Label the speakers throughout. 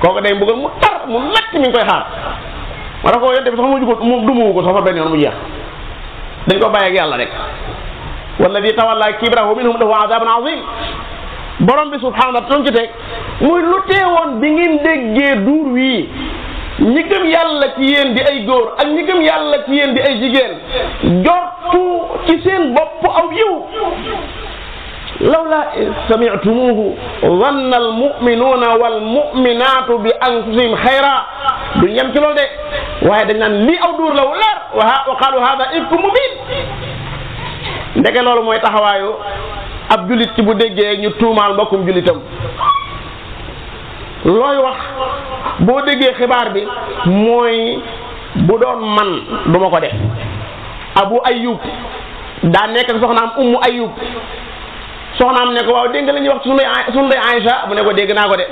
Speaker 1: kooku day mbugal mu tar mu natt mi koy xaar ma tax ko yonte bi sax mu jugal mu dumuwu ko sax benn yoon mu jeex dañ ko bàyyi yàlla rek walladi tawalla kibrahu minhum lahu azabun azim borom bi subhanahu wa ci teg muy lu teewoon bi ngeen déggee duur di ay góor ak ñi gëm yàlla jigéen jortu ci seen bopp aw yiw lawla sami'tumuhu wanna al mu'minuuna wal mu'minaatu bi anfusihim xayra duñ yem ci de waaye dañ naan lii aw duur la wu leer wa qaalu haada ifku mubiin ndeke loolu mooy taxawaayu ab jullit ci bu déggee ñu tuumaal mbokkum jullitam looy wax boo déggee xibaar bi mooy bu doon man du ma ko def abu ayub daa nekk soxnaam ummu ayub soxnaam ne ko waaw dégg nga la ñuy wax a ndey sunu ndey mu ne ko dégg naa ko de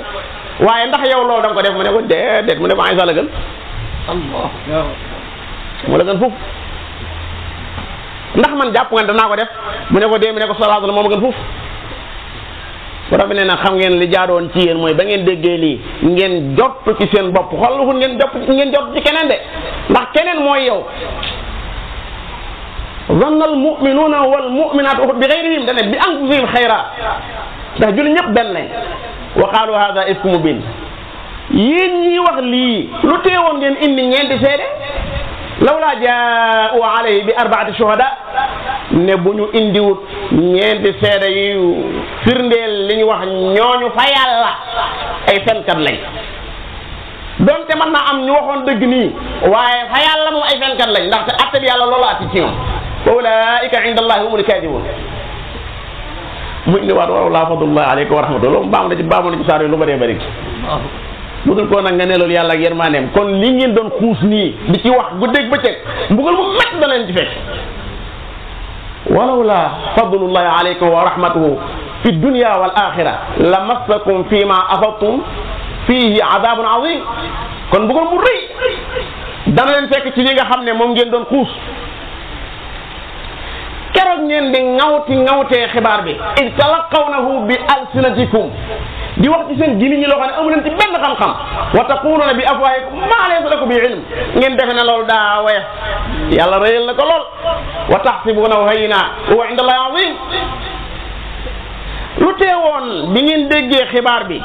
Speaker 1: waaye ndax yow loolu da ko def mu ne ko déedéet mu ne ko Aïcha la gën Allah moo la gën foofu man jàpp nga danaa ko def mu ne dee mu ne ko moom a gën foofu borom bi nee na xam ngeen li jaaroon ci yéen mooy ba ngeen déggee lii ngeen jot ci seen bopp xool ngeen jot ngeen jot ci keneen de ndax keneen mooy yow ظن المؤمنون والمؤمنات بغيرهم دنا بانفسهم خيرا دا جول نيب بن لاي وقالوا هذا اسم مبين يين ني واخ لي لو تيوون نين اندي نينت سيده لولا جاءوا عليه باربعه شهداء نبونو اندي ووت نينت سيده يو فيرندل لي ني واخ ньо ญ و فا يالا اي سن كات لاي دونتي مان ما ام ني واخون دغ ني واي فا يالا مو اي فن كات لاي ناخ اتبي يالا لولا تي تيون wa ulaika inda allahi humul kaadibuun mu indiwaat waaw laa fadlullahi aleykum wa rahmatullah loolu baamu na ci baamu na ci saar yi lu bëree bëri budul koo nag nga ne loolu yàlla ak yërmandeem kon li ngeen doon xuus nii di ci wax guddeeg bëccëg mbugal mu met da leen ci fekk walaw laa fadlullahi aleykum wa rahmatuhu fi dunya wal axira la massakum fi ma afadtum fihi azabun azim kon mbugal mu rëy dana leen fekk ci li nga xam ne moom ngeen doon xuus keroog ngeen di ŋawti ŋawtee xibaar bi id talaqawnahu bi alsinatikum di wax ci seen gili ñi loo xam ne amu leen ci benn xam-xam wa taquluna bi afwahikum ma laysa lakum bi ilm ngeen defe ne loolu daa waya yàlla rëyal na ko lool wa taxsibunahu hayyina huwa inda allahi azim lu teewoon bi ngeen déggee xibaar bi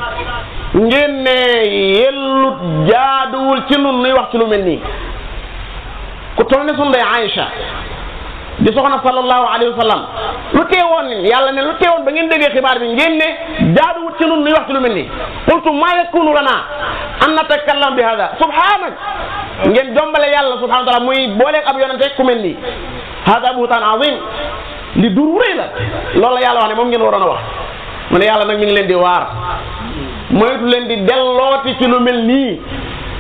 Speaker 1: ngeen ne yellut jaaduwul ci nun nuy wax ci lu mel nii ku toll ne sunu ndey Aïcha di soxna sallallahu alayhi wa sallam lu teewoon ni yàlla ne lu teewoon ba ngeen déggee xibaar bi ngeen ne jaadu wut ci nun nuy wax ci lu mel ni qultu maa yakunu lana an natakallam bi hada subhanak ngeen jombale yàlla subhanahu wa taala muy booleeg ab yonente ku mel ni hada buhtaan azim li duru la loolu la yàlla wax ne moom ngeen waroon a wax mu ne yàlla nag mi ngi leen di waar moytu leen di dellooti ci lu mel nii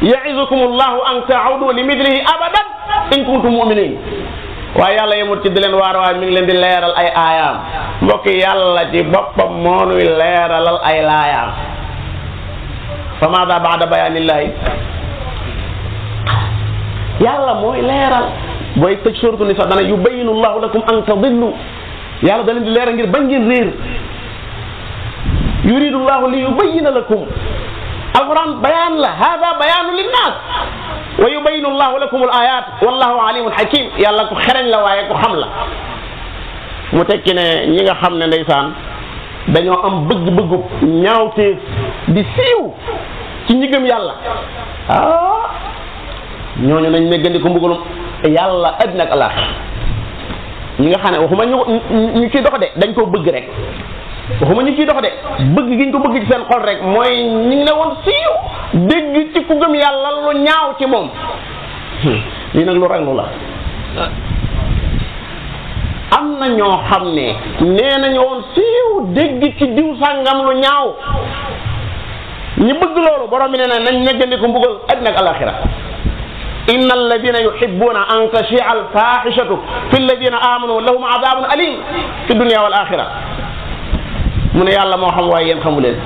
Speaker 1: ya'izukum allahu an ta'udu li mithlihi abadan waaye yàlla yemut ci di leen waar waaye mi di leeral ay aayaam mbokk yàlla ci boppam moonuy leeral ay laayaam fa maada baada bayaanillahi yàlla mooy leeral booy tëj suuratu nisa dana yubayinu llahu lakum an tadillu yàlla da leen di leeral ngir bañ ngeen réer yuridu llahu li lakum alquran bayaan la hada bayaanu linnaas wa yubayinu llahu lakum al ayat wallahu alimun hakim yàlla ku xereñ la waaye xam la mu tekki ne ñi nga xam ne ndeysaan dañoo am bëgg-bëggu ñaawteef di siiw ci ñi gëm yàlla ah ñooñu nañ ne gëndi ko mbugalum yàlla àddina ak ñi nga xam ne waxuma ñu ñu ciy dox de dañ koo bëgg rek waxuma ñu ciy dox de bëgg gi ñu ko bëgg ci seen xol rek mooy ñu ngi ne woon siiw dégg ci ku gëm yàlla lu ñaaw ci moom hmm. lii nag lu raglu la am na ñoo xam ne nee nañu woon siiw dégg ci diw sàngam lu ñaaw ñi bëgg loolu borom bi nee na nañ neggandiku mbugal àddina ak alaxira inna alladina yuhibbuna an tashia alfaxishatu fi alladina amanu lahum adabun alim fi dunia wal mu ne yàlla moo xam waaye yéen xamu leen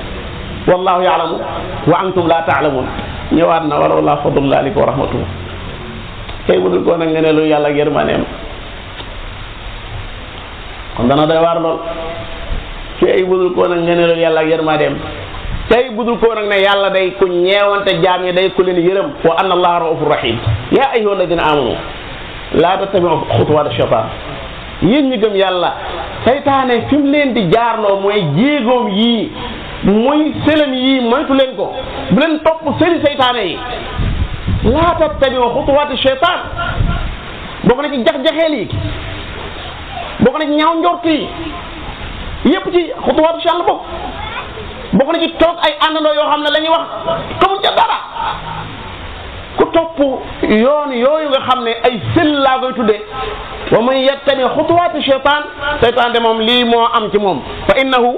Speaker 1: wallahu yaalamu wa antum laa taalamuun ñëwaat na wala wala fadlullah aleykum wa rahmatuhu tey bu dul koo nag nga ne lu yàlla yërmaneem kon dana doy waar lool tey bu dul koo nag nga ne lu yàlla yërmaneem tey budul koo nag ne yàlla day ku ñeewante jaam yi day ku leen yërëm wa anna allaha raufur rahim yaa ayyuha alladina amanu laa tattabiu xutuwaat ash-shaytaan yéen ñu gën yàlla saytaane fi leen di jaarloo mooy jéegoom yii muy sëlam yii moytu leen ko bu leen topp sëli saytaane yi laa tattabiu xutuwaati cheytaan bokk na ci jax-jaxeel yi bokk na ci ñaaw njort yi yépp ci xutuwaatu cheytaan la bokk bokk na ci toog ay àndandoo yoo xam ne la wax xamuñ ca dara ku top yoon yooyu nga xamne ay sël la koy tuddé wa may yattani xutuwaati shaytan shaytan de mom li mo am ci mom fa innahu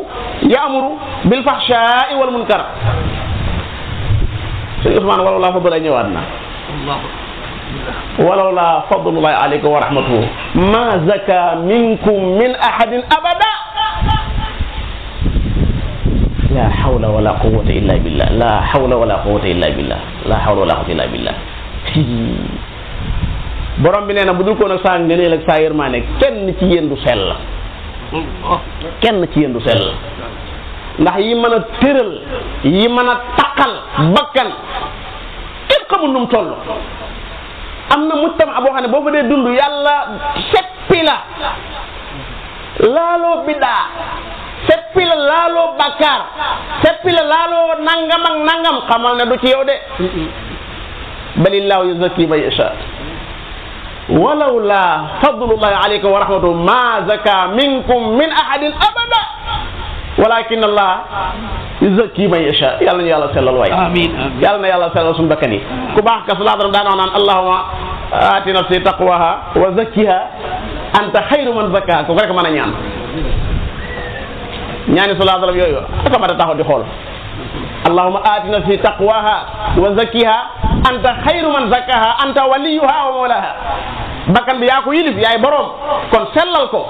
Speaker 1: ya'muru bil fahsha'i wal munkar sëñ Ousmane walaw laa fa bëla ñëwaat na walaw laa fadlullahi aleykum wa rahmatuhu ma zaka minkum min ahadin abada la hawla wala quwwata illa billah la hawla wala quwwata illa billah la hawla wala quwwata illa billah borom bi nee na bu dul ko nag saa ngëneel ak saa yërmaane kenn ci yéen du sell kenn ci yéen du sell ndax yi mën a tëral yi mën a taqal bakkan kenn xamul nu mu toll am na mujtama boo xam ne boo fa dee dund yàlla seppi la laaloo biddaa seppi la laaloo bakkaar seppi la laaloo nangam ak nangam xamal ne du ci yow de balillahu yuzakki man yasha walaw la fadlullahi alayka wa rahmatuhu ma zaka minkum min ahadin abada walakin allah yuzakki man yasha yàlla na yàlla sellal waay amiin yàlla na yàlla sellal suñu bakkan yi ku baax ka salaa daan wax naan allahuma aati nafsi taqwaha wa zakkiha anta xayru man zakkaha ko rek mën a ñaan ñaani sallallahu alayhi yooyu dafa mat a taxaw di xool allahuma atina fi taqwaha wa zakkiha anta xayru man zakkaha anta waliyuha wa mawlaha bakkan bi yaa ko yilif yaay boroom kon sellal ko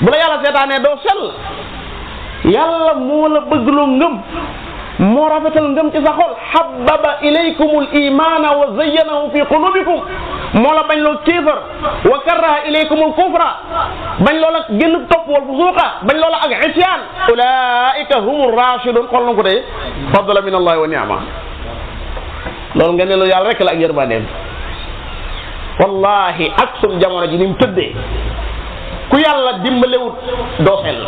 Speaker 1: bu la yàlla seetaanee doo sell yàlla moo la bëgg مرافتل نغم تي ساخول حبب اليكم الايمان وزينه في قلوبكم مولا باج لو كفر وكره اليكم الكفر باج لولا ген توب ول بوخا باج لولا اك عصيان اولئك هم الراشدون قول نكو دي فضل من الله ونعمه لول غني لو يال رك لا اك يربانيم والله اكثر جامونه جي نيم تدي كو يالا ديمبلي ووت دوخل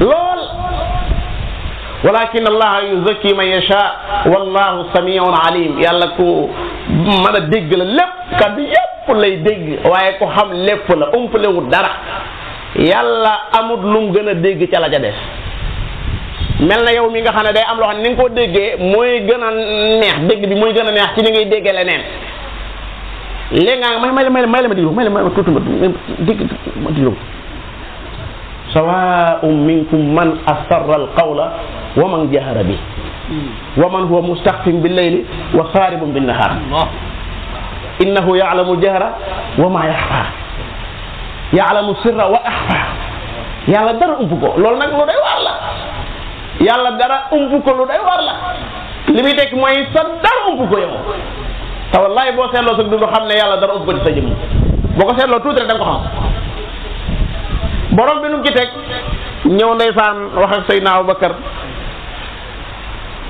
Speaker 1: لول walakin allaha yuzakki man yasha wallahu samiun alim yàlla ku mën a dégg la lépp bi yépp lay dégg waaye ku xam lépp la umpalewut dara yàlla amut lum gën a dégg ca la ca mel na yow mi nga xam ne day am loo xam ne ni nga ko déggee mooy gën a neex dégg bi mooy gën a neex ci ni ngay déggee leneen léegi nga may may may may la ma diglu may la ma tuuti ma dégg ma diglu sawaa'un minkum man asarra alqawla wa man jahara bi hmm. wa man huwa mustaxfin billayli wa saaribun binnahaar innahu yaalamu jahra wa ma yaxfa yaalamu sirra wa axfa yàlla dara ump ko loolu nag lu day war la yàlla dara ump ko lu day war la li muy tekk mooy sa dara ump ko yow te wallaay boo seetloo sa dund xam ne yàlla dara ump ko ci sa jëmm boo ko seetloo tuuti rek da nga ko xam borom bi nu mu ci teg ñëw ndeysaan wax ak Seydina Abubakar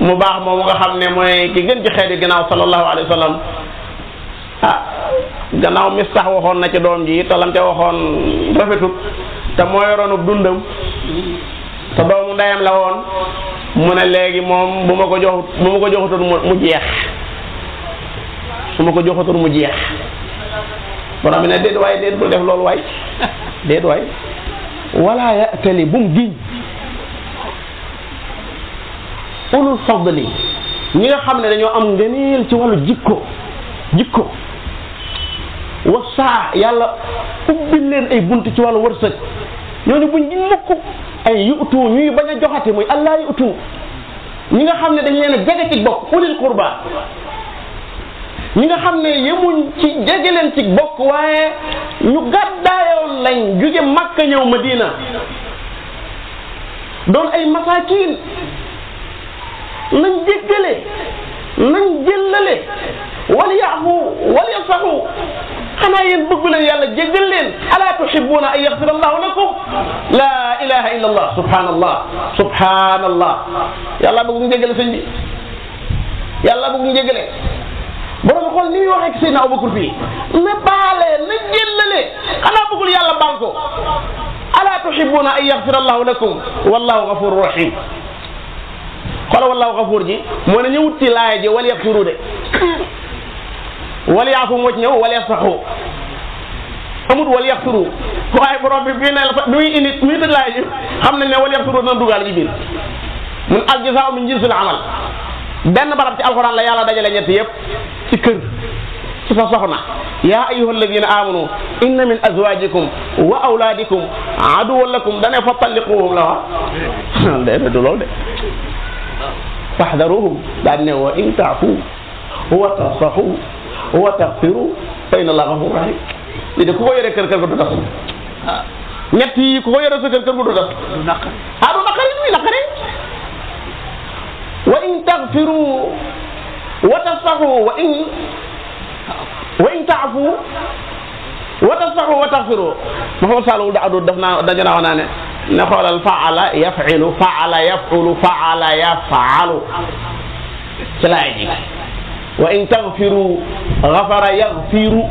Speaker 1: mu baax moom nga xam ne mooy ki gën ci xeeti gannaaw sallallahu alayhi wa sallam ah gannaaw mis waxoon na ci doom ji te waxoon rafetut te moo yoroonub dundam te doomu ndeyam la woon mu ne léegi moom bu ma ko joxut bu ma ko joxutul mu jeex bu ma ko joxutul mu jeex borom bi ne déet waay déet bul def loolu waay déet waay wala bu bum giñ ulul fadli ñi nga xam ne dañoo am ngëneel ci wàllu jikko jikko wa saa yàlla ubbil leen ay bunt ci wàllu wërsëg ñooñu buñ giñ mukk ay yutu ñuy bañ a joxati muy allah yutu ñi nga xam ne dañ leen a jege ci bopp ulil ñi nga xam ne yemuñ ci jege leen ci bokk waaye ñu gàddaayoon lañ jóge Makka ñëw Madina doon ay masaakiin nañ jéggale nañ jëllale wal yaafu wal yasaxu xanaa yéen bëggu leen yàlla jéggal leen ala tuhibuuna an yaxfira allahu lakum laa ilaha illa allah subhanallah subhanallah yàlla bëgg mu jégale sëñ bi yàlla bëgg mu jégale borom xool ni muy waxee ak Seydina Abubakar fii na baale na jëllale xanaa bëggul yàlla baal ko alaa tuhibbuna an yaghfira allahu lakum wallahu ghafurur rahim xoolal wallahu ghafur ji moo ne ñëwut ji wal yaghfiru de wal yaafu moo ci ñëw wal yasaxu amut wal yaghfiru waaye borom bi la fa bi muy indi bi muy tëj laaya ji xam nañ ne wal yaghfiru dina dugal ji biir mun al jazaa'u min jinsil amal benn barab ci alxuraan la yàlla dajale ñett yépp ci kër ci sa min azwajikum wa awladikum lakum dane fa talliquhum la wax déedéet du loolu de in taafu wa tasfahu wa tagfiru fa inna allaha gafurun rahim li de ku ko yore kër kër ah. ko du وإن تغفروا وتصفحوا وإن وإن تعفوا وتصفحوا وتغفروا ما هو سالو دا دو دفنا دجنا وانا ني نخول الفعل يفعل فعل يفعل فعل يفعل سلايدي وإن تغفروا غفر يغفر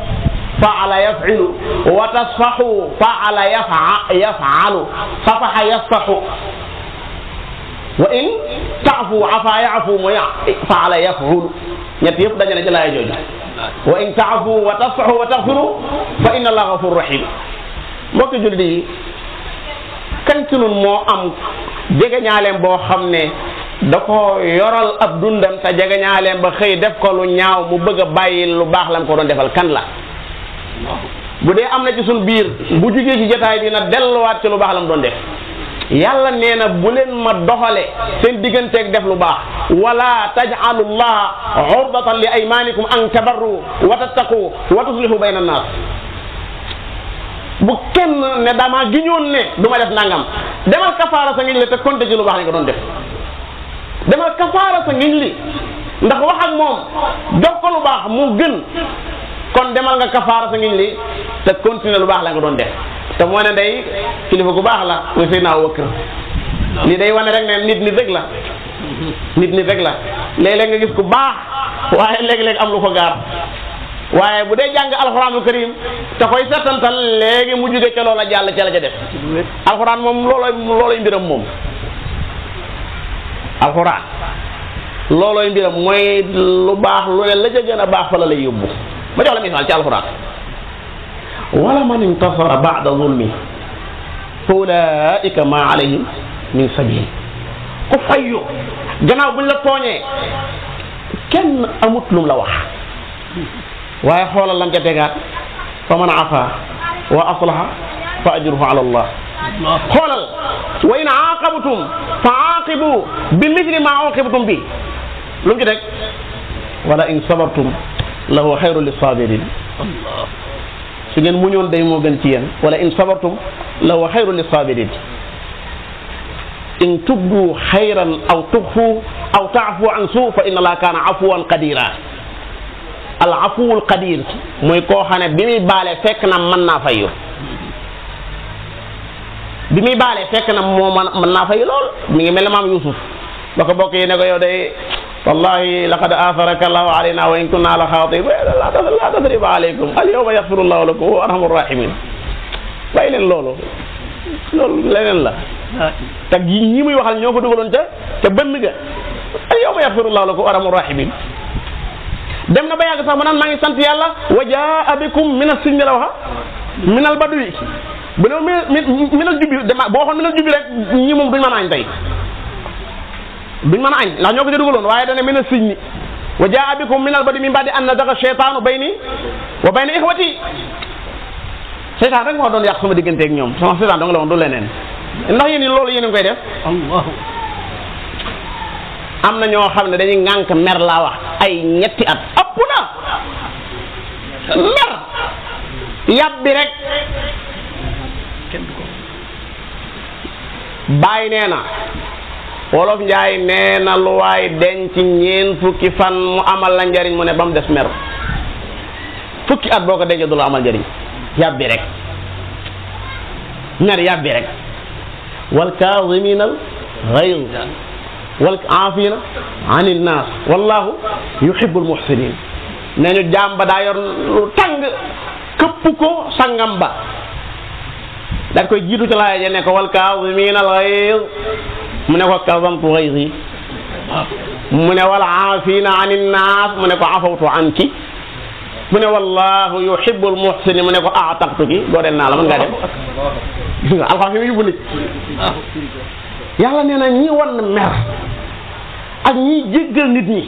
Speaker 1: فعل يفعل وتصفحوا فعل يفع يفعل صفح يصفح wa in taafu afa yaafu mooy faala yafulu ñett yëpp dajale ci laay jooju wa in taafu wa tasfaxu wa taxfiru fa inna allaha gafuru rahim moo boo xam ne da ko yoral ab dundam te jegeñaaleem ba xëy def ko lu ñaaw mu bëgg a bàyyi lu baax lam ko doon defal kan la bu dee am na ci suñ biir bu jugee ci jotaay bi na delluwaat ci lu baax lam doon def yàlla nee na bu leen ma doxale seen digganteeg def lu baax wala taj'alu llaha urdatan li aymanikum an tabarru wa tattaqu wa tuslihu bayna annaas bu kenn ne dama giñoon ne du ma def nangam demal kafaara sa ngiñ li te konte ci lu baax li doon def demal kafaara sa ngiñ li ndax wax moom jox ko lu baax moo gën kon demal nga kafaara sa ngiñ li te continuer lu baax la nga doon def te moo ne day kilifa gu baax la muy Seydina Abubakar lii day wane rek ne nit nit rek la nit nit rek la léeg-léeg nga gis ku baax waaye léeg-léeg am lu ko gaar waaye bu dee jàng alxuraanul karim te koy setantal léegi mu jóge ca loola jàll ca la ca def alxuraan moom loolooy loolooy mbiram moom alxuraan loolooy mbiram mooy lu baax lu ne la ca gën a baax fa la lay yóbbu ma jox la misaal ci alxuraan ولا من انتصر بعد ظلمه فأولئك ما عليهم من سبيل كفايو جناب بن لطوني كن أموت لهم لوح ويحول الله جدك فمن عفا وأصلح فأجره على الله خلل وإن عاقبتم فعاقبوا بمثل ما عاقبتم به لم جدك ولئن صبرتم له خير للصابرين الله su ngeen muñoon day moo gën ci yéen wala in la wa xayru li sabirin in tubdu xayran aw tuxfu aw taafu an suu fa inna kaana afuwan qadira al afuwul qadir mooy koo xam bi muy baale fekk na mën naa fayu bi muy baale fekk na moo mën naa fayu lool mi ngi mel ne maam wallahi laqad atharaka allahu alayna wa in kunna la xaatiba la tasriba alaykum al yawma yaxfiru allahu lakum wa arhamu rahimin bàyyi leen loolu loolu leneen la te ñi muy waxal ñoo ko dugaloon ca ca bënn ga al yawma yaxfiru allahu lakum wa arhamu rahimin dem na ba yàgg sax mu naan maa ngi sant yàlla wa jaa bikum min as-sijni la waxa min al badwi bu ne min min al jubbi dama boo waxoon min al jubbi rek ñi moom duñ mën a añ tey duñ mën a añ ndax ñoo ko ca dugaloon waaye dana mën a siñ ni wa jaa bikum min al badi min badi an nazaga cheytaanu bayni bay bayna ixwati seytaan rek moo doon yàq sama ak ñoom sama seytaan dong la woon du leneen ndax yéen loolu yéen a ngi koy def am na ñoo xam ne dañuy ŋànk mer laa wax ay ñetti at ëpp na mer yàbbi rek bàyyi nee na wolof njaay neena lu way den ci ñeen fukki fan mu amal la njariñ mu ne bam des mer fukki at boko ko du la amal njariñ yabbi rek mer yabbi rek wal kaazimina al wal aafina anil naas wallahu yuhibbul muhsinin neñu jamba da yor lu tàng këpp ko sangam ba da koy jitu ci laaje ne ko wal kaazimina al mu ne ko kazamtu ghayzi mu ne wal aafina anin naas mu ne ko afawtu anki mu ne wallahu yuhibbul muhsini mu ne ko aataqtu ah ki goodeel la mën ngaa na ñi wan mer ak ñi jéggal nit ñi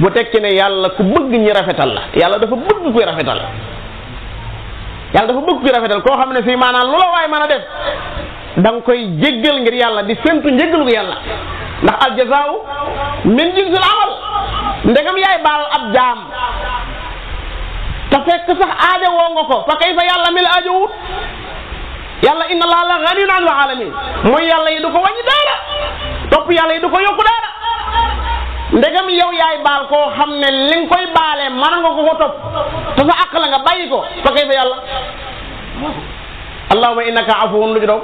Speaker 1: bu teg ci ne yàlla ku bëgg ñi rafetal la yàlla dafa bëgg kuy rafetal yàlla dafa bëgg kuy rafetal koo xam ne fii maanaam lu la waay mën a def da koy jéggal ngir yàlla di séntu njéggalu bu yàlla ndax al jazaaw min jinsil amal ndegam yaay baal ab jaam te fekk sax aaja woo nga ko fa kayfa yàlla mi la wut yàlla inna laa la ganiyun anil alamin mooy yàlla yi du ko wàññi dara topp yàlla yi du ko yokku dara ndegam yow yaay baal koo xam ne li nga koy baalee mën nga ko ko topp te sa àq la nga bàyyi ko fa kayfa yàlla allahumma innaka afuwun lu ci doog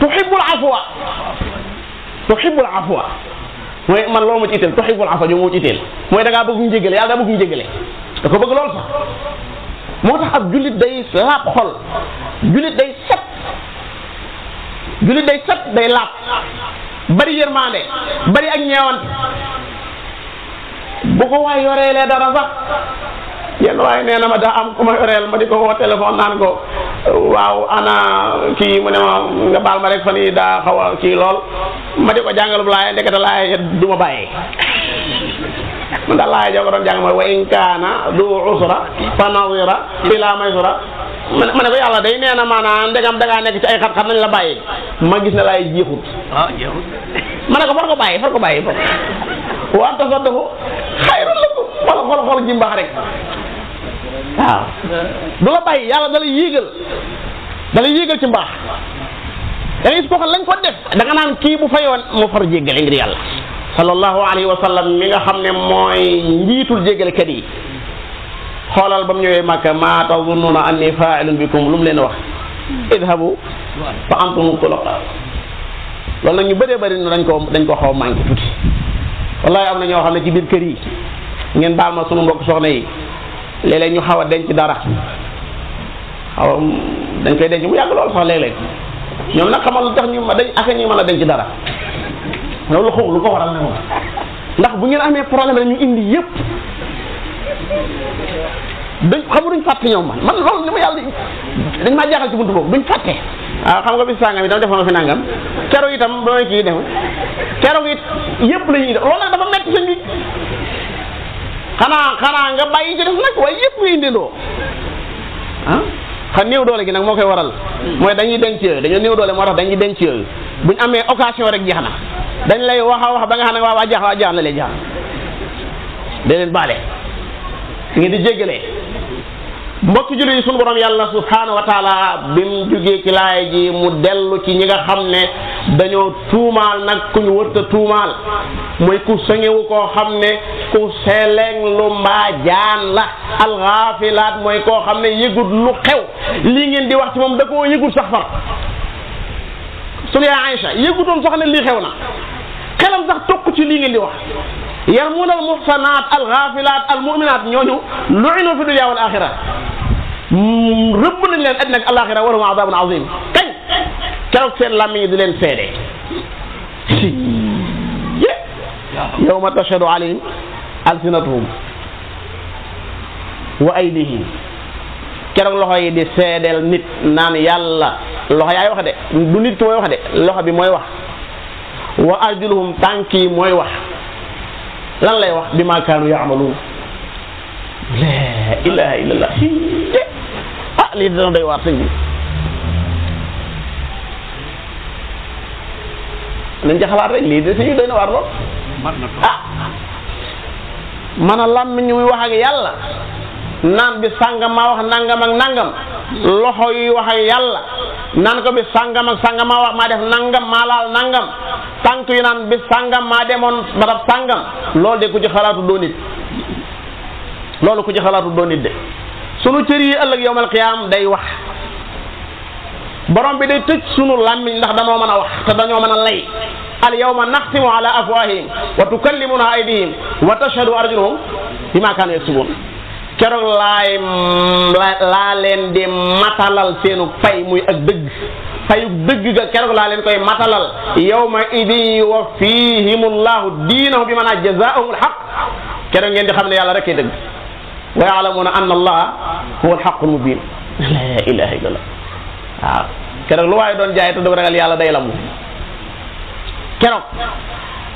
Speaker 1: tuhibbul afwa tuhibbul afwa mooy man loolu moo ci itteel tuhibbul afwa jo moo ci itteel mooy da ngaa bëgg ñu jégale yàlla daa bëgg ñu jégale da ko bëgg lool sax moo tax jullit day laab xol jullit day set day laab bari yërmande bari ak ñeewante bu ko waay yoreelee dara sax yenn waaye nee na ma daa am ku ma yoreel ma di ko woo téléphone naan ko waaw ana kii mu ne ma nga baal ma rek fan yii daa xaw a kii lool ma di ko jàngal bu laay ndekete laay du ma bàyyi man daal laay joo ko doon jàng mooy wa in kaana du usra fa nadira ila maysura ma ne ma ne ko yàlla day nee na maanaam ndegam dangaa nekk ci ay xat-xat nañ la bàyyi ma gis ne laay jeexut. ah jeexut ma ne ko far ko bàyyi far ko bàyyi far ko wa anta saddahu xayrun lakum xool xool waaw du la bàyyi yàlla da la yéegal da la yéegal ci mbaax da ngay gis koo xam lañ ko def danga naan kii bu fayoon mu far jéggale ngir yàlla sallallahu alayhi wa sallam mi nga xam ne mooy njiitul jéggalekat yi xoolal ba mu ñëwee Màkka maa tazunnuuna anni faa'ilun bikum lu mu leen wax idhabu fa antum tulaqa loolu nag ñu bëree bëri ñu dañ ko dañ ko xaw a manqué tuuti am na ñoo xam ne ci biir kër yi ngeen baal ma sunu mbokk soxna yi léeg ñu xaw a denc dara xaw dañ koy denc mu yàgg lool sax léeg ñoom nag xamal lu tax ñu ma dañ ak ñu mën a denc dara loolu xaw lu ko ndax bu ngeen amee problème rek ñu indi yépp dañ xam duñ fàtte ñoom man man lool li ma yàlla dañ maa jaaxal ci buntu boobu duñ fàtte. waaw xam nga bis sangam itam defoon na fi nangam keroog itam ba ma ciy def keroog it yépp la ñuy def loolu nag dafa metti sëñ bi. xanaa xanaa nga bàyyi ci def nag waaye yëpp nga indiloo ah xam néew doole gi nag moo koy waral mooy dañuy denc yooyu dañoo néew doole moo tax dañuy denc bu ñu amee occasion rek jeex na dañ lay wax a wax ba nga xam ne waa waa jaax waa jaax na lee jaax da leen baale di jéggalee mbokki jullit yi sunu borom yàlla subhaanahu wa taala bi mu jugee ci ji mu dellu ci ñi nga xam ne dañoo tuumaal nag ku ñu wërta tuumaal mooy ku sëñewu koo xam ne ku seleng lu jaan la alxaafilaat mooy koo xam ne yëgut lu xew lii ngeen di wax ci moom da koo yëgut sax far sunu yaay Aïcha yëgutoon sax ne lii xew na xelam sax tokk ci lii ngeen di wax yarmuuna al muhsanaat al gaafilaat al muminaat ñooñu lu'inu fi dunya wal axira rëbb leen àddina ak alaxira wa lahum azabun azim kañ keroog seen làmmiñ di leen seede si yawma tashhadu alayhim alsinatuhum wa aydihim keroog loxo yi di seedeel nit naan yàlla loxo yaay wax de du nit ki mooy wax de loxo bi mooy wax wa arjuluhum tànk mooy wax lan lay wax bi ma kaanu yaamaluun
Speaker 2: laa
Speaker 1: ilaha illallah ah lii dana doy waar sëñ bi nañ ca xalaat rek lii de sëñ bi doy na waar lool ah man a làmmiñ ñu muy wax ak yàlla naan bi sàngam maa wax nangam ak nangam loxo yuy wax yàlla naan ko bi sàngam ak sàngam maa wax maa def nangam maa laal nangam tànk yu naan bi sàngam maa demoon sàngam loolu de ku ci xalaatu doo nit loolu ku ci xalaatu doo nit de sunu cër yi ëllëg yowmal qiyaam day wax borom bi day tëj sunu làmmiñ ndax damoo mën a wax te dañoo mën a lay al yawma naxtimu ala afwahihim wa tukallimuna aydihim wa tashhadu arjuluhum bima kaanu yaksibun keroog laay laa leen di matalal seenu fay muy ak dëgg fayug dëgg ga keroog laa leen koy matalal yawma idin yuwaffihimullahu diinahum bi maanaa jazaahumul xaq keroog ngeen di xam ne yàlla rek ay dëgg wa yaalamuuna anna allaha huwa alxaqul mubin la ilaha illa allah waaw keroog lu waaye doon jaay te dug ragal yàlla day lamu keroog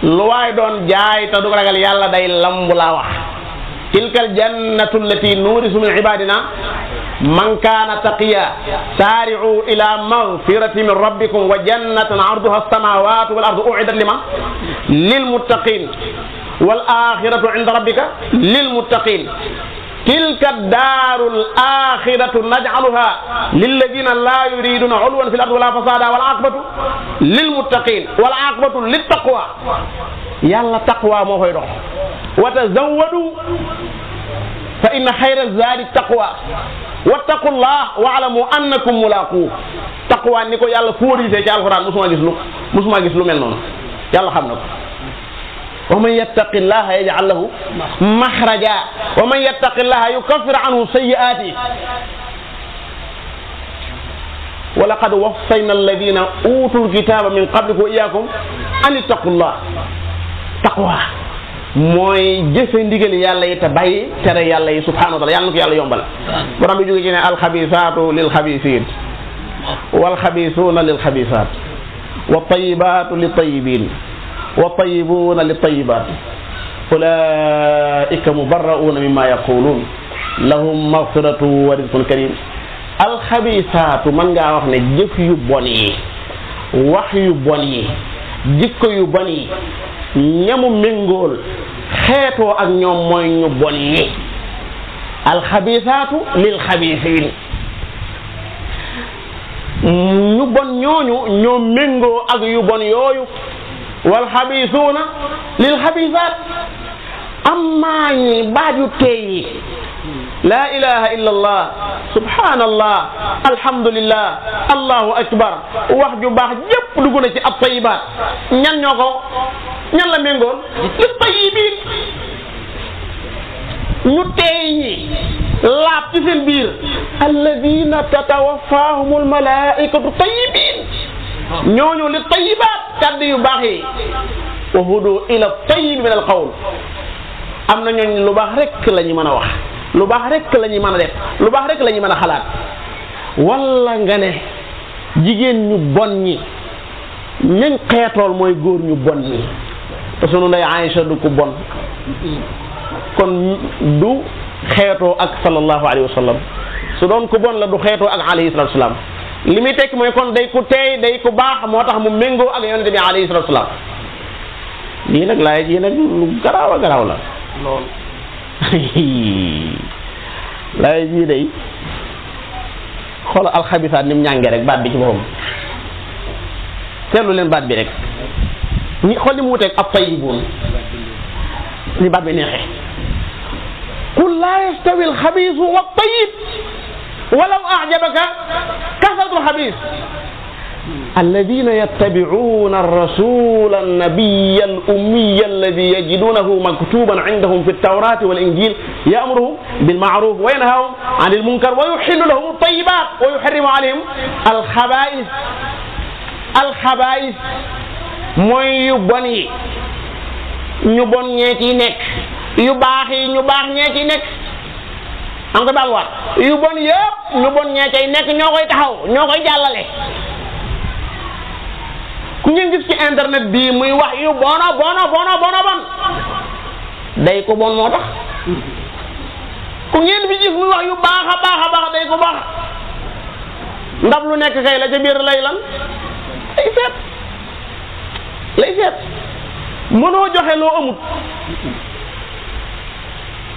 Speaker 1: lu waaye doon jaay te dug ragal yàlla day lambu laa wax تلك الجنة التي نورس من عبادنا من كان تقيا سارعوا إلى مغفرة من ربكم وجنة عرضها السماوات والأرض أعدت لمن؟ للمتقين والآخرة عند ربك للمتقين تلك الدار الآخرة نجعلها للذين لا يريدون علوا في الأرض ولا فسادا والعاقبة للمتقين والعاقبة للتقوى يلا تقوى ما هو وتزودوا فإن خير الزاد التقوى واتقوا الله واعلموا أنكم ملاقوه تقوى نيكو يالا فوري سي تي القران مسما غيس لو مسما غيس لو مل نون يالا خامنا ومن يتق الله يجعل له مخرجا ومن يتق الله يكفر عنه سيئاته ولقد وفينا الذين اوتوا الكتاب من قبلكم واياكم ان تقوا الله تقوى mooy jëfe ndigal yàlla yi te bàyyi tere yàlla yi subhaanahu wa taala yàlla na ko yàlla yombal borom bi jóge ci ne alxabisaatu lil xabisiin wal xabisuuna lil xabisaat wa tayibaatu li tayibiin wa tayibuuna li tayibaat ulaika mubarrauna mimma yaquluun lahum magfiratu wa rizqun karim alxabisaatu mën ngaa wax ne jëf yu bon yi wax yu bon yi jikko yu bon yi ñamu méngool xeetoo ak ñoom mooy ñu bon ñi alxabisaatu lil xabisiin ñu bon ñooñu ñoo ak yu bon yooyu wal xabisuuna lil xabisaat yu tey yi laa ilaha illa allah subhanallah alhamdulillah allahu akbar wax baax jëpp dugg na ci ab ñan ñoo ñan la méngoon li tayyibiin ñu teey ñi laab ci seen biir alladina tatawaffaahumul malaa'ikatu tayyibiin ñooñu li tayyibaat kàddu yu baax yi wa hudu ila tayyib min al qawl am na ñooñ lu baax rekk la ñu mën a wax lu baax rek la ñu mën a def lu baax rek lañuy ñu mën a xalaat wala nga ne jigéen ñu bon ñi ñañ xeetool mooy góor ñu bon ñi te sunu ndey Aïcha du ku bon kon du xeetoo ak sallallahu alayhi wa su doon ku bon la du xeetoo ak alayhi salatu salaam li muy tekk mooy kon day ku teey day ku baax moo tax mu méngoo ak yonente bi alayhi salatu salaam nag laay ji nag lu garaaw a garaaw la loolu laay ji day xool alxabisaat nim mu ñàngee rek baat bi ci boppam seetlu leen baat bi rek ñi xool li mu wuteeg ab fay buun li baat bi neexee qul laa yastawi alxabiisu wa tayib walaw ajabaka kasratu alxabiis الذين يتبعون الرسول النبي الأمي الذي يجدونه مكتوبا عندهم في التوراة والإنجيل يأمرهم بالمعروف وينهاهم عن المنكر ويحل لهم الطيبات ويحرم عليهم الخبائث الخبائث mooy yu bon yi ñu bon ñee yi nekk yu baax yi ñu baax ñee ciy nekk xam nga baal waat yu bon yëpp ñu bon ñee cay nekk ñoo koy taxaw ñoo koy jàllale ku ngeen gis ci internet bii muy wax yu bono bono bono bono bon day ko bon moo tax ku ngeen bi gis muy wax yu baax a baax a baax day ko baax ndab lu nekk kay la ca biir lay lan ay seet lay seet mënoo joxe loo amut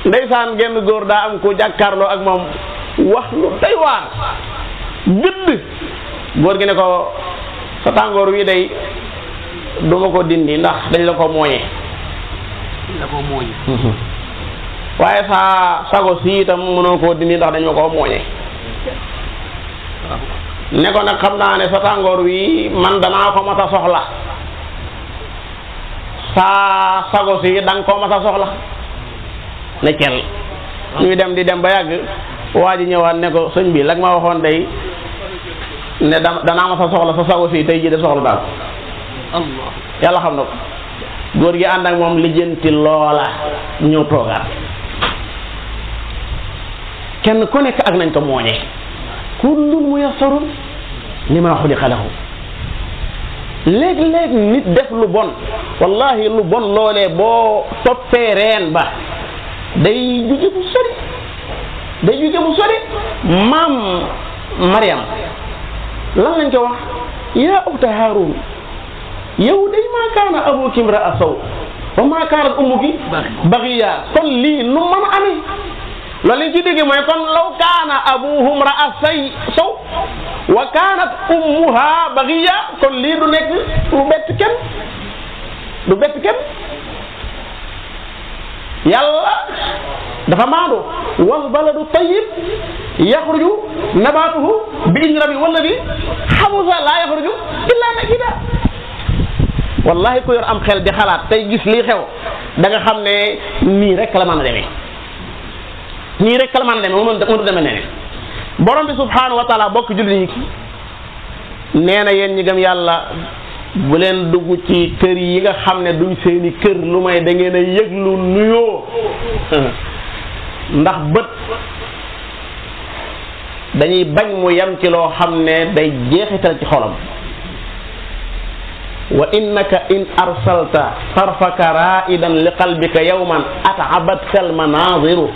Speaker 1: ndeysaan genn góor daa am ku jàkkaarloo ak moom wax lu doy waar gëdd góor gi ne ko sa tàngoor wii day du ko dindi ndax dañ la ko mooñee dañ la ko mooñee mhm. waaye mënoo koo dindi ndax dañ ma ko mooñee ah. ne ko nag xam naa ne sa tàngoor wi man danaa ko mat a soxla saa sago si da nga koo mas a soxla ne cel ñuy dem di dem ba yàgg waa ji ñëwaat ne ko sëñ bii lag ma waxoon day ne da danaa mas a soxla sa sago si tey ji soxla daal yàlla xam na ko góor gi ànd ak moom lijjanti loola ñëw toogaat kenn ku nekk ak nañ ko mooñee kullun muyassarun limaa xuliqa lahu léeg-léeg nit def lu bon wallahi lu bon loolee boo toppee reen ba day jóge bu sori day jóge bu sori maam Mariam lan lañ ko wax yaa uxta Haarun yow day maa kaana abuki imra'a saw wa maa kaanat ummuki bagiya lii nu mën amee loolu liñ ci dégg mooy kon law kaana abuhum ra'a say sow wa kaanat ummuha bagiya kon lii du nekk lu bett kenn du bett kenn yàlla dafa maandu wal baladu tayyib yaxruju nabaatuhu bi idni rabbi walladi xabusa laa yaxruju illa nakida wallahi ku yor am xel di xalaat tey gis lii xew da xam ne nii rek la mën a demee nii rek la mën a demee mënut mënut demee neneen borom bi subhaanahu wa bokk jullit yi nee na yéen ñi gëm yàlla bu leen dugg ci kër yi nga xam ne duñ seeni kër lu may da ngeen yëg lu nuyoo ndax bët dañuy bañ mu yem ci loo xam ne day jeexital ci xolam wa innaka in arsalta tarfaka raidan li qalbika yawman at'abatka al manaziru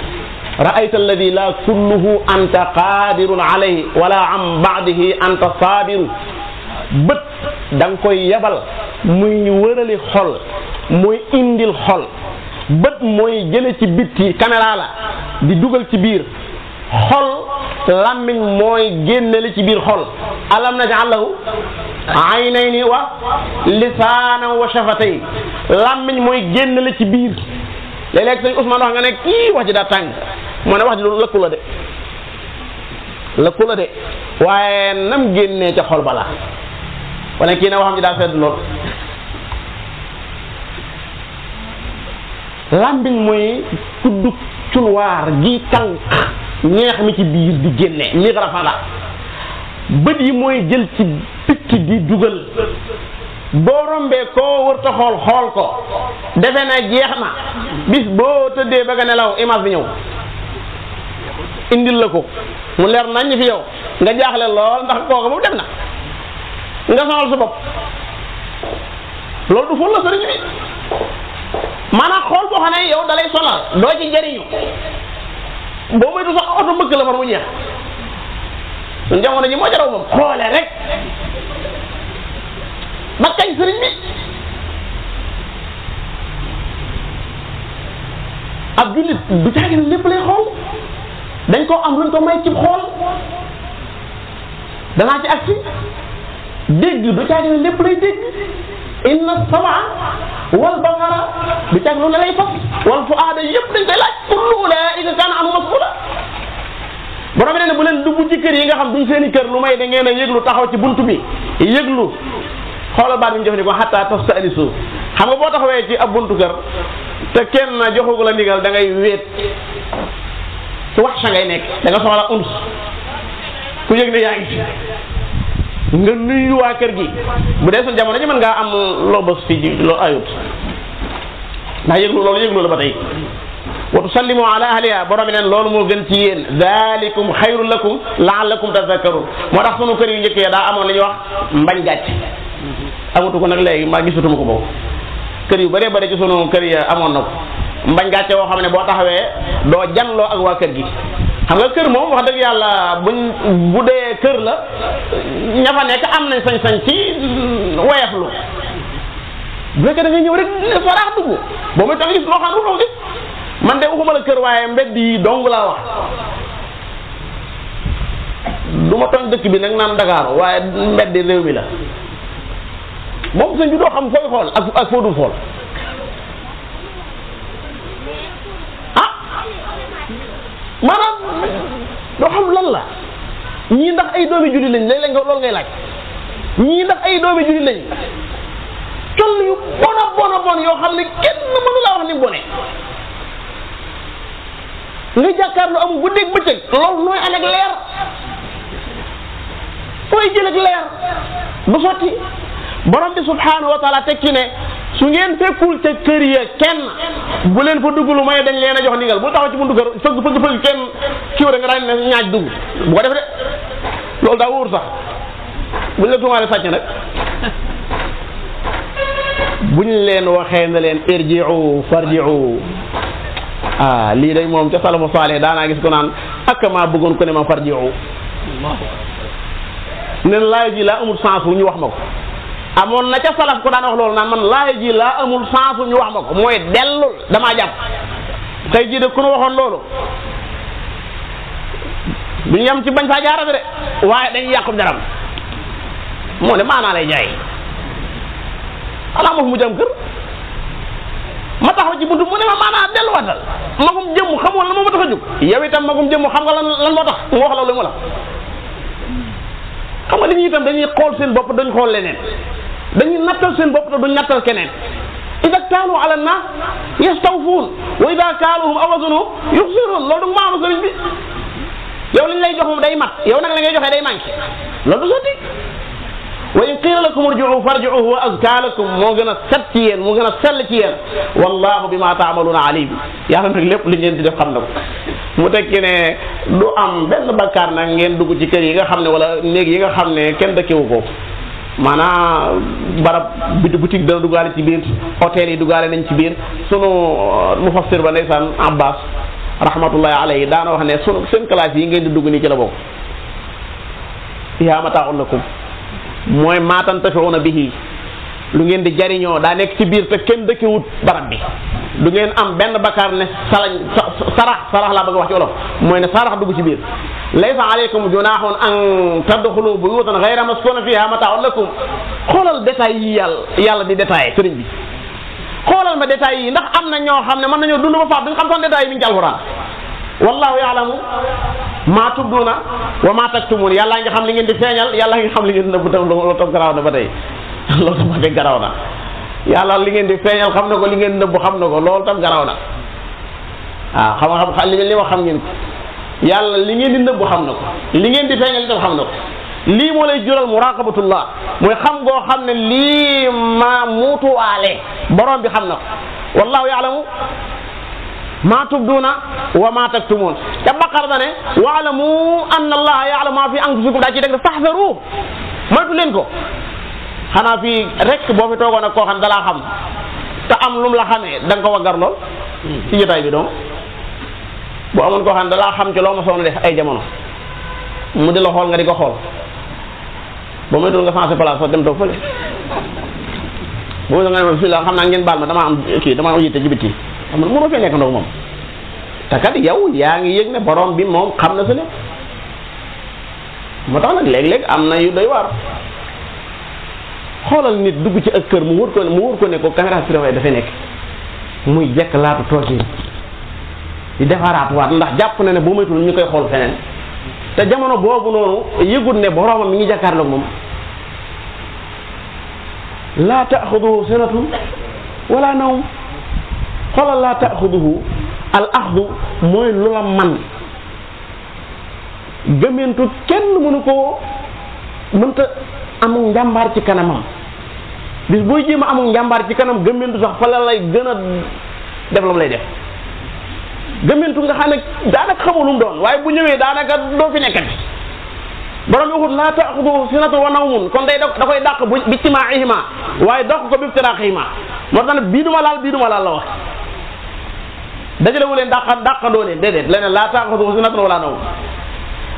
Speaker 1: رأيت الذي لا كله أنت قادر عليه ولا عن بعده أنت صابر بت دنكوي يبل موي ورالي خول مي اندي الخول بت موي جيلي سي بيتي كاميرا لا دي دوجال سي بير خول لامين موي генالي سي بير خول الم نجعل له عينين و لسانا وشفتين لامين موي генالي سي بير لا لا سي عثمان واخ نا كي moo ne wax ji lëkku la de lëkku la de waaye nam génne ca xol bala wane kii ne waxam ji daa sedd lool làmbiñ mooy tudd culwaar gi tànk ñeex mi ci biir di génne migrafala bët yi mooy jël ci picc di dugal boo rombee koo wërta xool xool ko defe na jeex na bis boo tëddee ba nga nelaw image bi ñëw indil la ko mu leer naññ fi yow nga jaaxle lool ndax kooka moom dem na nga sonal sa bopp loolu du ful la sëriñ bi maanaam xool boo xam ne yow dalay sonal doo ci jariñu boo moytu sax oto mbëkk la far mu jeex suñ jamono ji moo jaraw moom xoole rek
Speaker 2: ba kañ sëriñ bi
Speaker 1: ab jullit du caagin lépp lay xool dañ ko am luñ ko may cib xool danaa ci agsi dégg du caagi lépp lay dégg inna samaa wal basara du caagi lu ne lay fas wal fuaada yëpp dañ koy laaj pour lu ulaa'ika kaana anhu mas'uula borom nee ne bu leen dugg ci kër yi nga xam duñ seen i kër lu may da ngeen a yëglu taxaw ci bunt bi yëglu xoolal baat bi ñu jëfandikoo xataa tasta'nisu xam nga boo taxawee ci ab buntu kër te kenn joxugu la ndigal dangay ngay wéet si wax sa nekk danga nga soxla uns ku yëg ne yaa ngi nga nuyu waa kër gi bu dee suñ jamono ji mën ngaa am loo bës fii loo ayut ndax yëglu loolu yëglu la ba tey wa tusallimu ala ahliha borom bi neen loolu moo gën ci yéen zalikum xayrun moo tax sunu kër yu njëkk ya daa amoon li ñuy wax mbañ gàcc amatu ko nag léegi maa gisatuma ko boobu kër yu bare bëri ci sunu kër ya amoon na mbañ gàcce woo xam ne boo taxawee doo janloo ak waa kër gi xam nga kër moom wax dëgg yàlla buñ bu dee kër la ña fa nekk am nañ sañ-sañ ci woyaflu bu fekkee da nga ñëw rek faraax dugg boo muy tax gis loo xam ne gis man de waxuma la kër waaye mbedd yi dong laa wax du ma dëkk bi nag naan ndakaaru waaye mbedd réew mi la moom sañ bi doo xam fooy xool ak foo dul xool maanaam doo xam lan la ñii ndax ay doomi julli lañ léeg-léeg nga loolu ngay laaj ñii ndax ay doomi julli lañ col yu bon a bon a bon yoo xam ne kenn mënu wax ni bone nga jàkkaar lu amul guddeeg bëccëg loolu nooy ànd leer fooy jël ak leer bu sotti borom bi subhanahu wa tekki ne su ngeen fekkul ca kër ya kenn bu leen fa dugg lu may dañ leen a jox ndigal bu taxaw ci buntu kër fëgg fëgg fëgg kenn kiw rek nga daan ne ñaaj dugg bu ko def de loolu daa wóor sax buñ la tuumaalee sàcc nag buñ leen waxee ne leen irjiu farjiu ah lii de moom ca salafu saale daanaa gis ko naan ak maa bëggoon ko ne ma farjiu nen laay ji laa amul sens wu ñu wax ma ko amoon na ca salaf ko daan wax loolu naan man laay ji laa amul sensu ñu wax ma ko mooy dellul damaa jàpp tey jii de ku nu waxoon loolu bu ñu yem ci bañ faa jaarale de waaye dañuy yàqu daram moo ne maanaa lay jaay xanaa moofu mu jëm kër ma taxaw ci buntu mu ne ma maanaa delluwaatal magum jëmm xamoon la moo ma tax a jóg yow itam magum jëmm xam nga lan lan moo tax mu wax loolu mu la xam nga nit ñi dañuy xool seen bopp dañ xool leneen dañuy nattal seen bopp te duñ nattal keneen na kaanu ala nas yastawfuun wa ida kaaluhum aw wazanuhum yuxsiruun loolu du maamu sëriñ bi yow liñ lay jox moom day mat yow nag la ngay joxe day manqué loolu du sotti wa in qiila lakum irji'u farji'u huwa azkaa lakum moo gën a set ci yéen moo gën a sell ci yéen wallahu bima taamaluuna alim yàlla nag lépp li ngeen di def xam na ko mu tekki ne du am benn bakkaar nag ngeen dugg ci kër yi nga xam ne wala néeg yi nga xam ne kenn dëkkewu ko maanaam barab biti boutique dana duggaale ci biir hôtel yi duggaale nañ ci biir sunu euh, mufassir ba ndeysaan Abbas rahmatullahi alayhi daana wax ne sunu seen classe yi ngeen di dugg nii ci la bokk yaa mataaun lakum mooy maatantafiwuna bihi lu ngeen di jariñoo daa nekk ci biir te kenn dëkkewut barab bi du ngeen am benn bakkaar ne salañ sarax sarax laa bëgg wax ci olof mooy ne sarax dugg ci biir laysa aleykum junaaxun an tadxulu buyutan gayra maskuna fiha mataaun lakum xoolal détails yi yàlla yàlla di détaillé sëriñ bi xoolal ma détails yi ndax am na ñoo xam ne mën nañoo dund ba faaf duñ xam sax détails yi ci alxuraan wallahu yaalamu maa tubduuna wa maa taktumuun yàlla nga xam li ngeen di feeñal yàlla nga xam li ngeen di nëbb tam loolu tam garaaw na ba tey loolu tam ba tey garaaw na yàlla li ngeen di feeñal xam na ko li ngeen nëbb xam na ko loolu tam garaaw na waaw xam nga xam li ma xam ngeen yàlla li ngeen di nëbb xam na ko li ngeen di feeñal itam xam na ko lii moo lay jural muraqabatullah mooy xam goo xam ne lii ma muutuwaale borom bi xam na ko wallahu yaalamu maa tubduuna wa maa taktumuun ca baqara da ne waalamu anna allaha yaalamu maa fi anfusikum daa ciy teg rek faxdaru moytu leen ko xanaa fii rek boo fi toogoon ak koo xam dalaa xam te am lum la xamee da ko waggar lool ci jotaay bi donc boo amoon koo xam dalaa xam ci loo ma soon def ay jamono mu di la xool nga di ko xool boo may doon nga changé place sax dem toog fële boo nga ne ma xam naa ngeen baal ma damaa am kii damaa yitte ci bitti xam nga mënoo nekk ndox moom te kat yaa ngi yëg ne borom bi moom xam na sa lépp moo tax nag léeg-léeg am na yu doy waar xoolal nit dugg ci ak kër mu wër ko mu wër ko ne ko caméra surveillée dafay nekk muy jekk laatu toog yi di defaraat waat ndax jàpp na ne boo moytul ñu koy xool feneen te jamono boobu noonu yëgut ne boromam mi ngi jàkkaarloog moom laa taxuduhu sinatun wala nawm xoolal laa taaxuduhu al axdu mooy lu la man gëmmentu kenn mënu ko mënta amul njàmbaar ci kanamam bis booy jéem a amul njàmbaar ci kanam gëmmentu sax fa la lay gën a def la lay def gëmmentu nga xam ne daanaka xamoo lu doon waaye bu ñëwee daanaka doo fi nekkati borom bi waxut laa taaxuduhu sinatu wa nawmun kon day da koy dàq bu bi ijtimaa'ihima waaye dàq ko bi iftiraaqihimaa moo tax ne bii duma laal bii duma laal la wax dajalewu leen dàqa dàqandoo leen déedéet leneen laa taaxudu sinatun wala nawm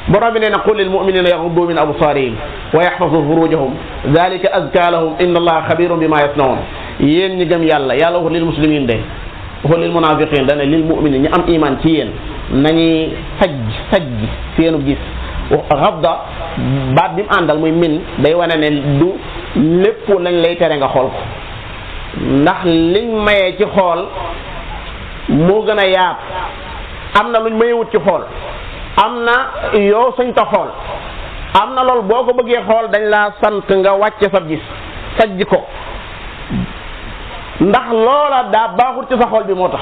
Speaker 1: borom bi nee na qul lil muminina yaxuddu min absarihim wa yaxfasu furujahum dalika azka lahum inna allaha xabirun bima yasnaun yéen ñi gëm yàlla yàlla waxul lil muslimin de waxul lil munafiqin dane lil muminin ñi am iman ci yéen nañuy sajj sajj seenu gis xabda baat bi mu àndal muy min day wane ne du lépp lañ lay tere nga xool ko ndax liñ mayee ci xool mu gën a yaatu am na luñ mayewut ci xool am na yow suñ xool am na lool boo ko bëggee xool dañ laa sant nga wàcce sa gis sajj ko ndax loola daa baaxut ci sa xol bi moo tax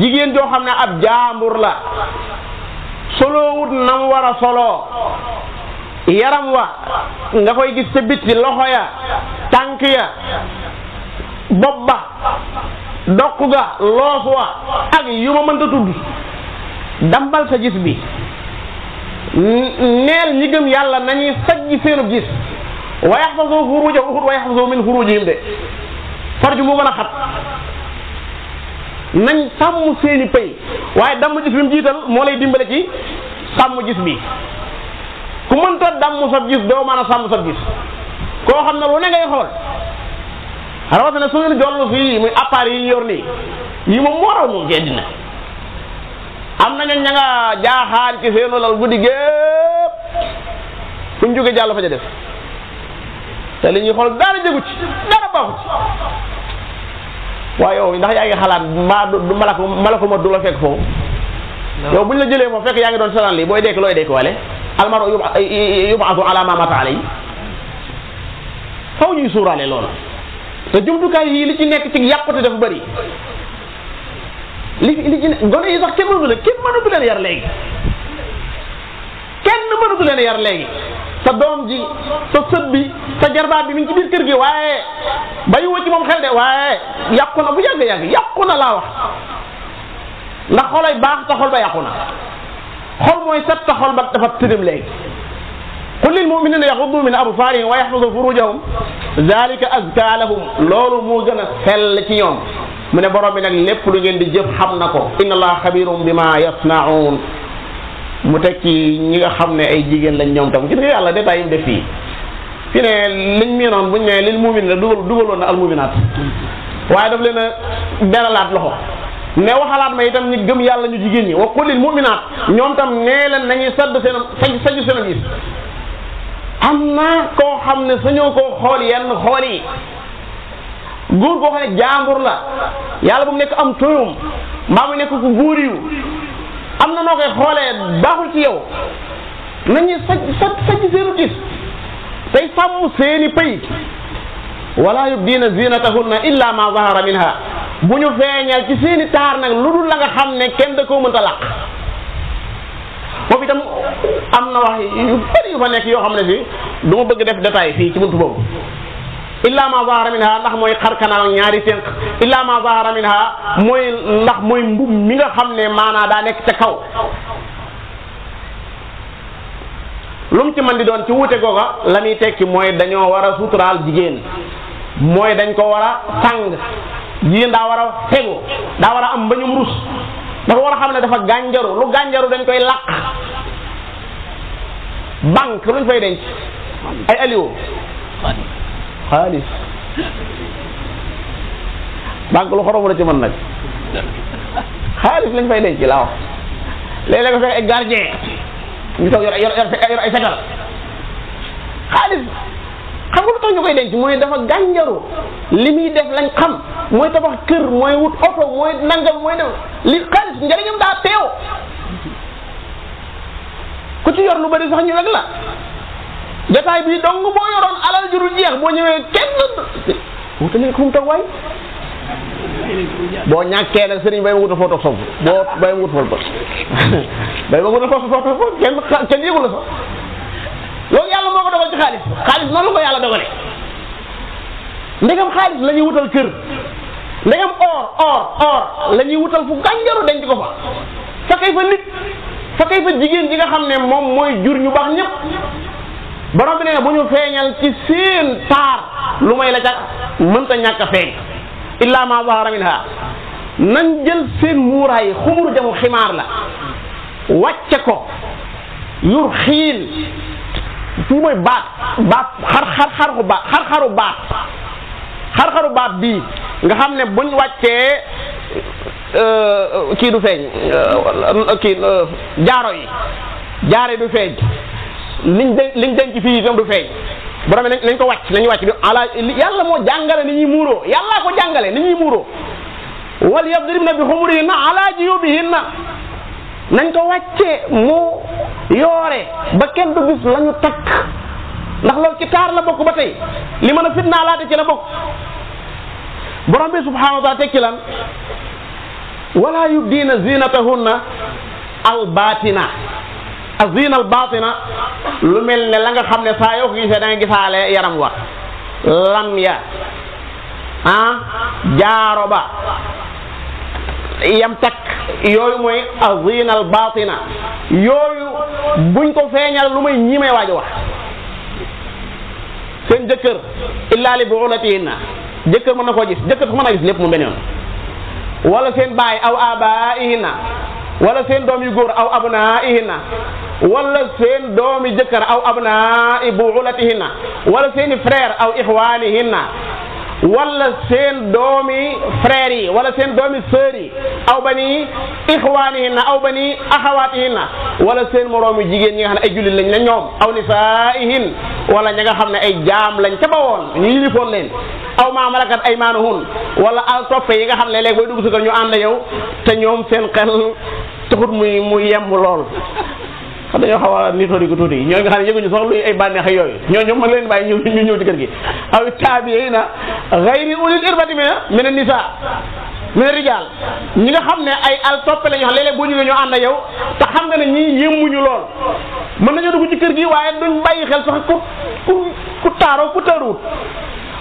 Speaker 1: jigéen joo xam ne ab jaambur la solowut nam war a soloo yaram wa nga koy gis ca bitti loxo ya tànk ya bopp ba doq ga loos wa ak yu ma mënta tudd dambal sa gis bi neel ñi gëm yàlla nañuy sajj seenub gis wa yaxfasu furuja uxut wa yaxfasu min furujihim de farju mu mën a xat nañ sàmm seeni pëy waaye damm gis bi mu jiital moo lay dimbale ci sàmm gis bi ku mënta damm sab gis doo mën a sàmm sab gis koo xam na lu ne ngay xool rawatina su ngeen jollu fii muy appareil yi yor nii yi moom moo raw moom am na ña nga jaaxaan ci seenu lal guddi gépp fu ñu jógee jàll fa ca def te li ñuy xool dara jëgu ci dara baaxu ci waaye yow ndax yaa ngi xalaat mbaa du malako malako ma du la fekk foofu yow buñ la jëlee foofu fekk yaa ngi doon seetaan lii booy dekk looy dekk wale almaro yub'athu ala ma mata alay faw ñuy suuraale loola te jumtukaay yii li ci nekk ci yàqute dafa bëri li li ci gone yi sax kenn mënatu leen kenn mënatu leen yar léegi kenn mënatu leen yar léegi sa doom ji sa sët bi sa jarbaat bi mu ngi ci biir kër gi waaye bàyyiwoo ci moom xel de waaye yàqu na bu yàgg yàgg yàqu na laa wax ndax xolay baax te xol ba yàqu na xol mooy set te xol ba dafa tëddim léegi قل للمؤمنين يغضوا من ابصارهم ويحفظوا فروجهم ذلك ازكى لهم لولو مو جنا سل سي يوم من بروم نك ليپ لو نين دي جيب خام نكو ان الله خبير بما يصنعون مو تكي نيغا خام ني اي جيجن لا نيوم تام جيت يالا دي تايم دي في في ني نين مي نون بو ني للمؤمن دوغل دوغل ون المؤمنات واي داف لينا بيرالات لوخو ne waxalat ma itam ni gem yalla ñu jigen ñi wa qulil mu'minat ñom tam neelan nañu sadd seen sañu seen am na koo xam ne sañoo koo xool yenn xool yi góor goo xam ne la yàlla bu mu nekk am turum mbaa mu nekk ku góor am na noo koy xoolee baaxul ci yow nañu saj saj saj seenu gis tey sàmm seeni pay wala yubdina na illa ma zahara minha bu ñu feeñal ci seeni taar nag lu dul la nga xam ne kenn da koo mënta làq foofu itam am na wax yu bëri yu fa nekk yoo xam ne fii du ma bëgg def détail fii ci buntu boobu illa ma zahara minha ndax mooy xar kanam ñaari tënk illa ma zahara minha mooy ndax mooy mbub mi nga xam ne maanaa daa nekk ca kaw lu mu ci mën di doon ci wuute googa la muy tekki mooy dañoo war a suturaal jigéen mooy dañ ko war a sàng jigéen daa war a fegu daa war a am mbañum rus dafa war a xam ne dafa gànjaru lu gànjaru dañ koy làq banque luñ fay denc ay alio xaalis banque lu xoromu la ci mën nag xaalis lañ fay denc laa wax léeg-léeg nga fekk ay gardien ñu toog yor yor yor ay fetal xaalis xam nga lu tax ñu denc moy dafa ganjaru limi def lañ xam moy tabax kër moy wut auto moy nangam moy def li xaalis njëriñam da teew ku ci yor lu bari sax ñu rek la jotaay bi dong bo yoron alal ju jeex bo ñewé kenn wuta leen ko mu taway bo ñaké ñàkkee sëriñ bay ma wut foo toog sopp boo bay ma wut foo toog bay ma wut foo toog kenn kenn yegul la sax loolu yàlla moo ko dogal ci xaalis xaalis noonu la ko yàlla dogale ndegam xaalis la ñuy wutal kër ndegam or or or la wutal fu gànjaru denc ko fa fa kay fa nit fa kay fa jigéen ji nga xam ne moom mooy jur ñu baax ñëpp borom bi nee na bu ñu feeñal ci seen taar lu may la ca mënta ñàkk a feeñ illaa ma zahara minha nañ jël seen muuraay xumuru jamu ximaar la wàcce ko yur xiin fii mooy baat baat xar xar xaru baat xar xaru baat xar xaru baat bii nga xam ne buñ wàccee euh, euh, kii du feeñ euh, kii jaaro yi jaare du feeñ liñ denc liñ denc fii itam du feeñ borom nañ nañ ko wàcc nañ wàcc ala yàlla moo jàngale ni ñuy muuroo yàllaa ko jàngale ni ñuy muuroo wal yadribna bi xumurihinna ala jiyubihinna nañ ko wàccee moo yoore ba kenn du gis lañu takk ndax loolu ci taar la bokk ba tey li mën a fitnaa laate ci la bokk borom bi subhanahu wa taala tekki lan wala yubdiina zinatahunna albatina azina albatina lu mel ne la nga xam ne saa yoo ko gisee da gisaale yaram wa lam ah, jaaro ba yam takk yooyu mooy azina al batina yooyu buñ ko feeñal lu may ñi may waaj wax seen jëkkër illaa li buulatihinna jëkkër mën na ko gis jëkkër mën a gis lépp mu benn yoon wala seen baay aw abaihinna wala seen doom yu góor aw abnaihinna wala seen doomi jëkkër aw abnai buulatihinna wala seeni frère aw ixwanihinna wala seen doomi frères yi wala seen doomi sœurs yi aw bani ixwaanihinna aw bani na wala seen moroomi jigéen ñi xam ne ay jullit lañ la ñoom aw nisaa'ihin wala ña nga xam ne ay jaam lañ ca woon ñu yilifoon leen aw maa ay aymaanuhun wala al toppe yi nga xam ne léegi booy dugg si kër ñu ànd yow te ñoom seen xel te muy mu yemb lool xam dañoo xaw a nitoriku tuuti ñoo nga xam ne yëguñu sax luy ay bànneex ak yooyu ñoo ñoom mën leen bàyyi ñu ñu ñëw ci kër gi aw taabiyina xayri ulil irbati mina mina nisa mina rijaal ñi nga xam ne ay al toppe la ñu wax boo ñëwee ñoo ànd ak yow te xam nga ne ñii yëmmuñu lool mën nañoo dugg ci kër gi waaye duñ bàyyi xel sax ku ku ku taaroo ku taaruwut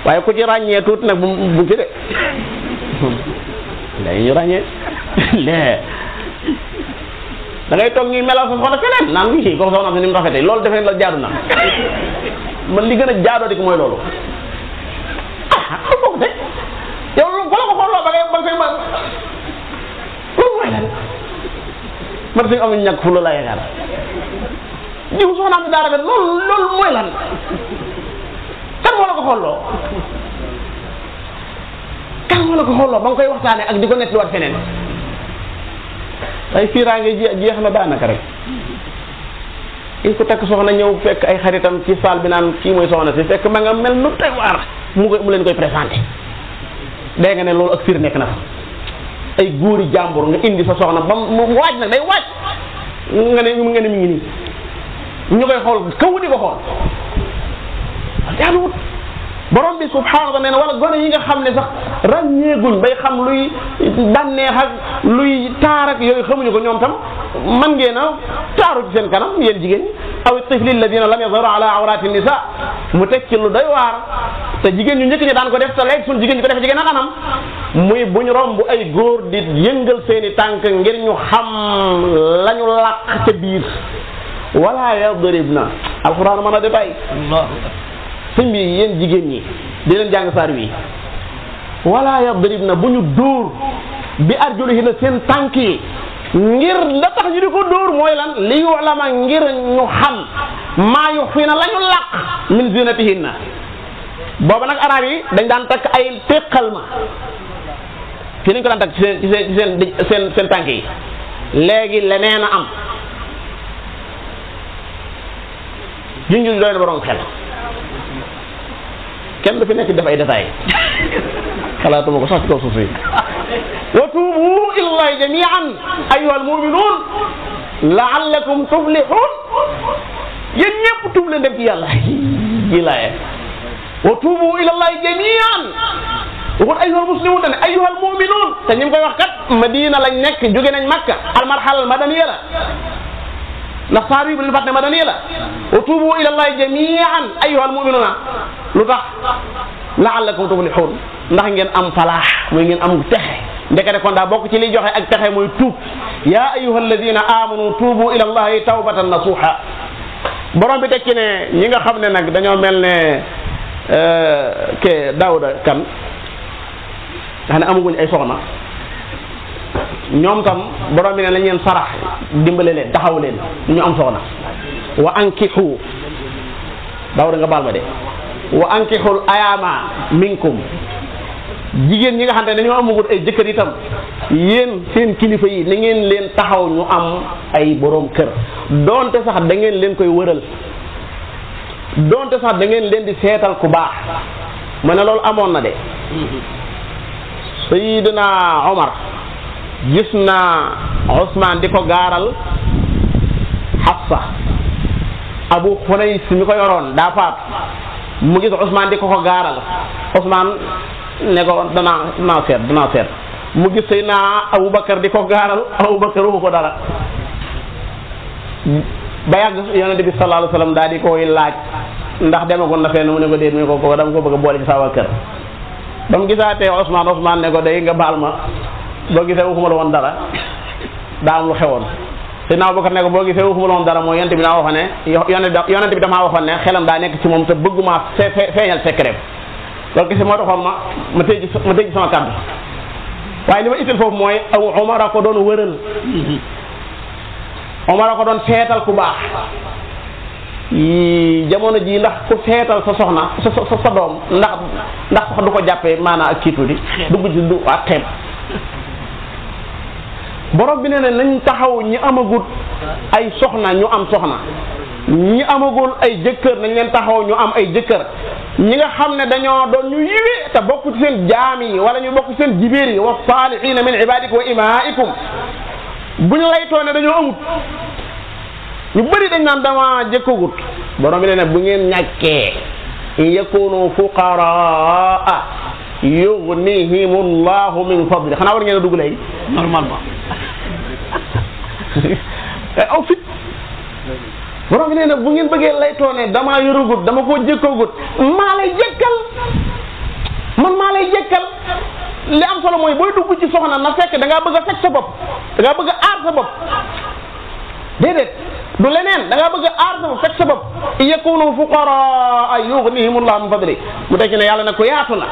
Speaker 1: waaye ku ci ràññee tuuti nag bu bu bu ci de dañuy ràññee dangay ngay toog ñuy melal sa soxna keneen naan wi si si ni mu rafetee loolu defe la jaadu na man li gën a jaadoo di ko ah, de yow loolu ko xooloo ba mooy la laa yaakaar diw soxnaam si daa rafet loolu loolu mooy lan kan moo la ko xooloo kan moo la ko xooloo ba nga koy waxtaanee ak di ko nettaliwaat feneen ay fiiraange jeex na daanaka rek il ko takk soxna ñëw fekk ay xaritam ci saal bi naan kii mooy soxna si fekk ma nga mel nu tey mu koy mu leen koy présenté dégg nga ne loolu ak fiir nekk na fa ay góori jàmbur nga indi sa soxna ba mu waaj nag day waaj nga ne nga ne mi ngi nii ñu koy xool kaw di ko xool jaaduwut borom bi subhanahu wa ta'ala wala gone yi nga xamne sax ragneegul bay xam luy bànneex ak luy tar ak yoy xamuñu ko ñom tam man ngeena taru ci seen kanam yéen jigéen ñi aw tifli alladheena lam yadharu ala awratin nisa mu teg ci lu doy war te jigéen ñu ñëk ñi daan ko def te lay suñ jigéen ñi ko def jigéen ak anam muy buñ rombu ay góor di yëngal seeni tànk ngir ñu xam lañu làq ci biir wala yadribna alquran mana de bay bàyyi sëñ bi yéen jigéen ñi di leen jàng saar wi wala yadribna bu ñu dóor bi arjulihinna seen tànk yi ngir la tax ñu di ko dóor mooy lan li yulama ngir ñu xam maa yuxfiina la ñu làq min zinatihinna booba nag arab yi dañ daan takk ay téqal ma ci nañ ko daan takk ci seen ci seen tànk yi léegi leneen a am junjul doy na borom xel kenn du fi nekk def ay détails xalaatuma ko sax ci kaw suuf si wa tuubu ilallahi jamian ayyuhal muminuun laallakum tuflihun yéen ñëpp tuub leen dem ci yàlla ji laaye wa tuubu ilallahi jamian waxut ayyuhal muslimuun te ne ayyuhal muminuun te ñu ngi koy wax kat madina lañ nekk jóge nañ makka al marhala al madaniya la ndax saar yi bu leen fàtte madaniya la wa tuubu ila allahi jamian ayuha almuminuna lu tax laallakum tuflihun ndax ngeen am falaax muy ngeen am texe ndekete kon daa bokk ci liy joxe ak texe mooy tuub yaa ayuha alladina amanu tuubu ila allahi tawbatan nasuha borom bi tekki ne ñi nga xam ne nag dañoo mel ne eh, ke Daawuda kan nga xam ne amaguñ ay soxna ñoom tam borom bi ne lañ leen dimbale leen taxaw leen ñu am soxna wa ankixu daaw da baal ma de wa ankixul ayaama minkum jigéen ñi nga xam ne dañoo amagut ay jëkkër itam yéen seen kilifa yi na leen taxaw ñu am ay borom kër doonte sax da leen koy wëral doonte sax dangeen leen di seetal ku baax ma ne loolu amoon na de mm-hmm. Sayyidina Omar gis naa Ousmane di ko gaaral Hafsa Abu Xunays mi ko yoroon daa faat mu gis Ousmane di ko ko gaaral Ousmane ne ko danaa danaa seet danaa seet mu gis say naa Aboubacar di ko gaaral Aboubacar waxu ko dara ba yàgg yonente bi sallallahu alayhi daal di koy laaj ndax demagoon na fenn mu ne ko déet mu ne ko ko dama ko bëgg boole ci sa waa kër ba mu gisaatee Ousmane Ousmane ne ko day nga baal ma boo gisee waxuma la woon dara daa am lu xewoon sëñ naa Abubakar ne ko boo gisee waxuma la woon dara mooy yonent bi daa waxoon ne yonent bi damaa waxoon ne xelam daa nekk ci moom te bëgguma feeñal secret loolu kese moo taxoon ma ma tëj ma tëj sama kàddu li ma mooy aw ko doon wëral Omar ko doon seetal ku baax jamono ji ndax ku seetal sa soxna sa sa doom ndax ndax du ko jàppee maanaam ak kiitu di dugg ci du ak xeeb borom bi nee na nañ taxaw ñi amagut ay soxna ñu am soxna ñi amagul ay jëkkër nañ leen taxaw ñu am ay jëkkër ñi nga xam ne dañoo doon ñu yiwe te bokk ci seen jaam wala ñu bokk ci seen jibéer yi wa saalihiina min ibaadikum wa imaikum bu ñu laytoo ne dañoo amut ñu bari dañ naan dama jëkkagut borom bi nee bu ngeen ñàkkee in yakunu fuqaraa yughnihimullahu min fadli xanaa war ngeen a dugg léegi normalement aw eh, fit borom bi nee na bu ngeen bëggee lay toone damaa yorugut dama koo jëkkoogut maa lay jëkkal man maa lay jëkkal li am solo mooy booy dugg ci soxna na fekk da ngaa bëgg a fekk sa bopp da bëgg a aar sa bopp déedéet du leneen da ngaa bëgg a aar sama fekk sa bopp yakunu fuqaraa yughnihimullahu min fadli mu tekki ne yàlla na ko yaatu na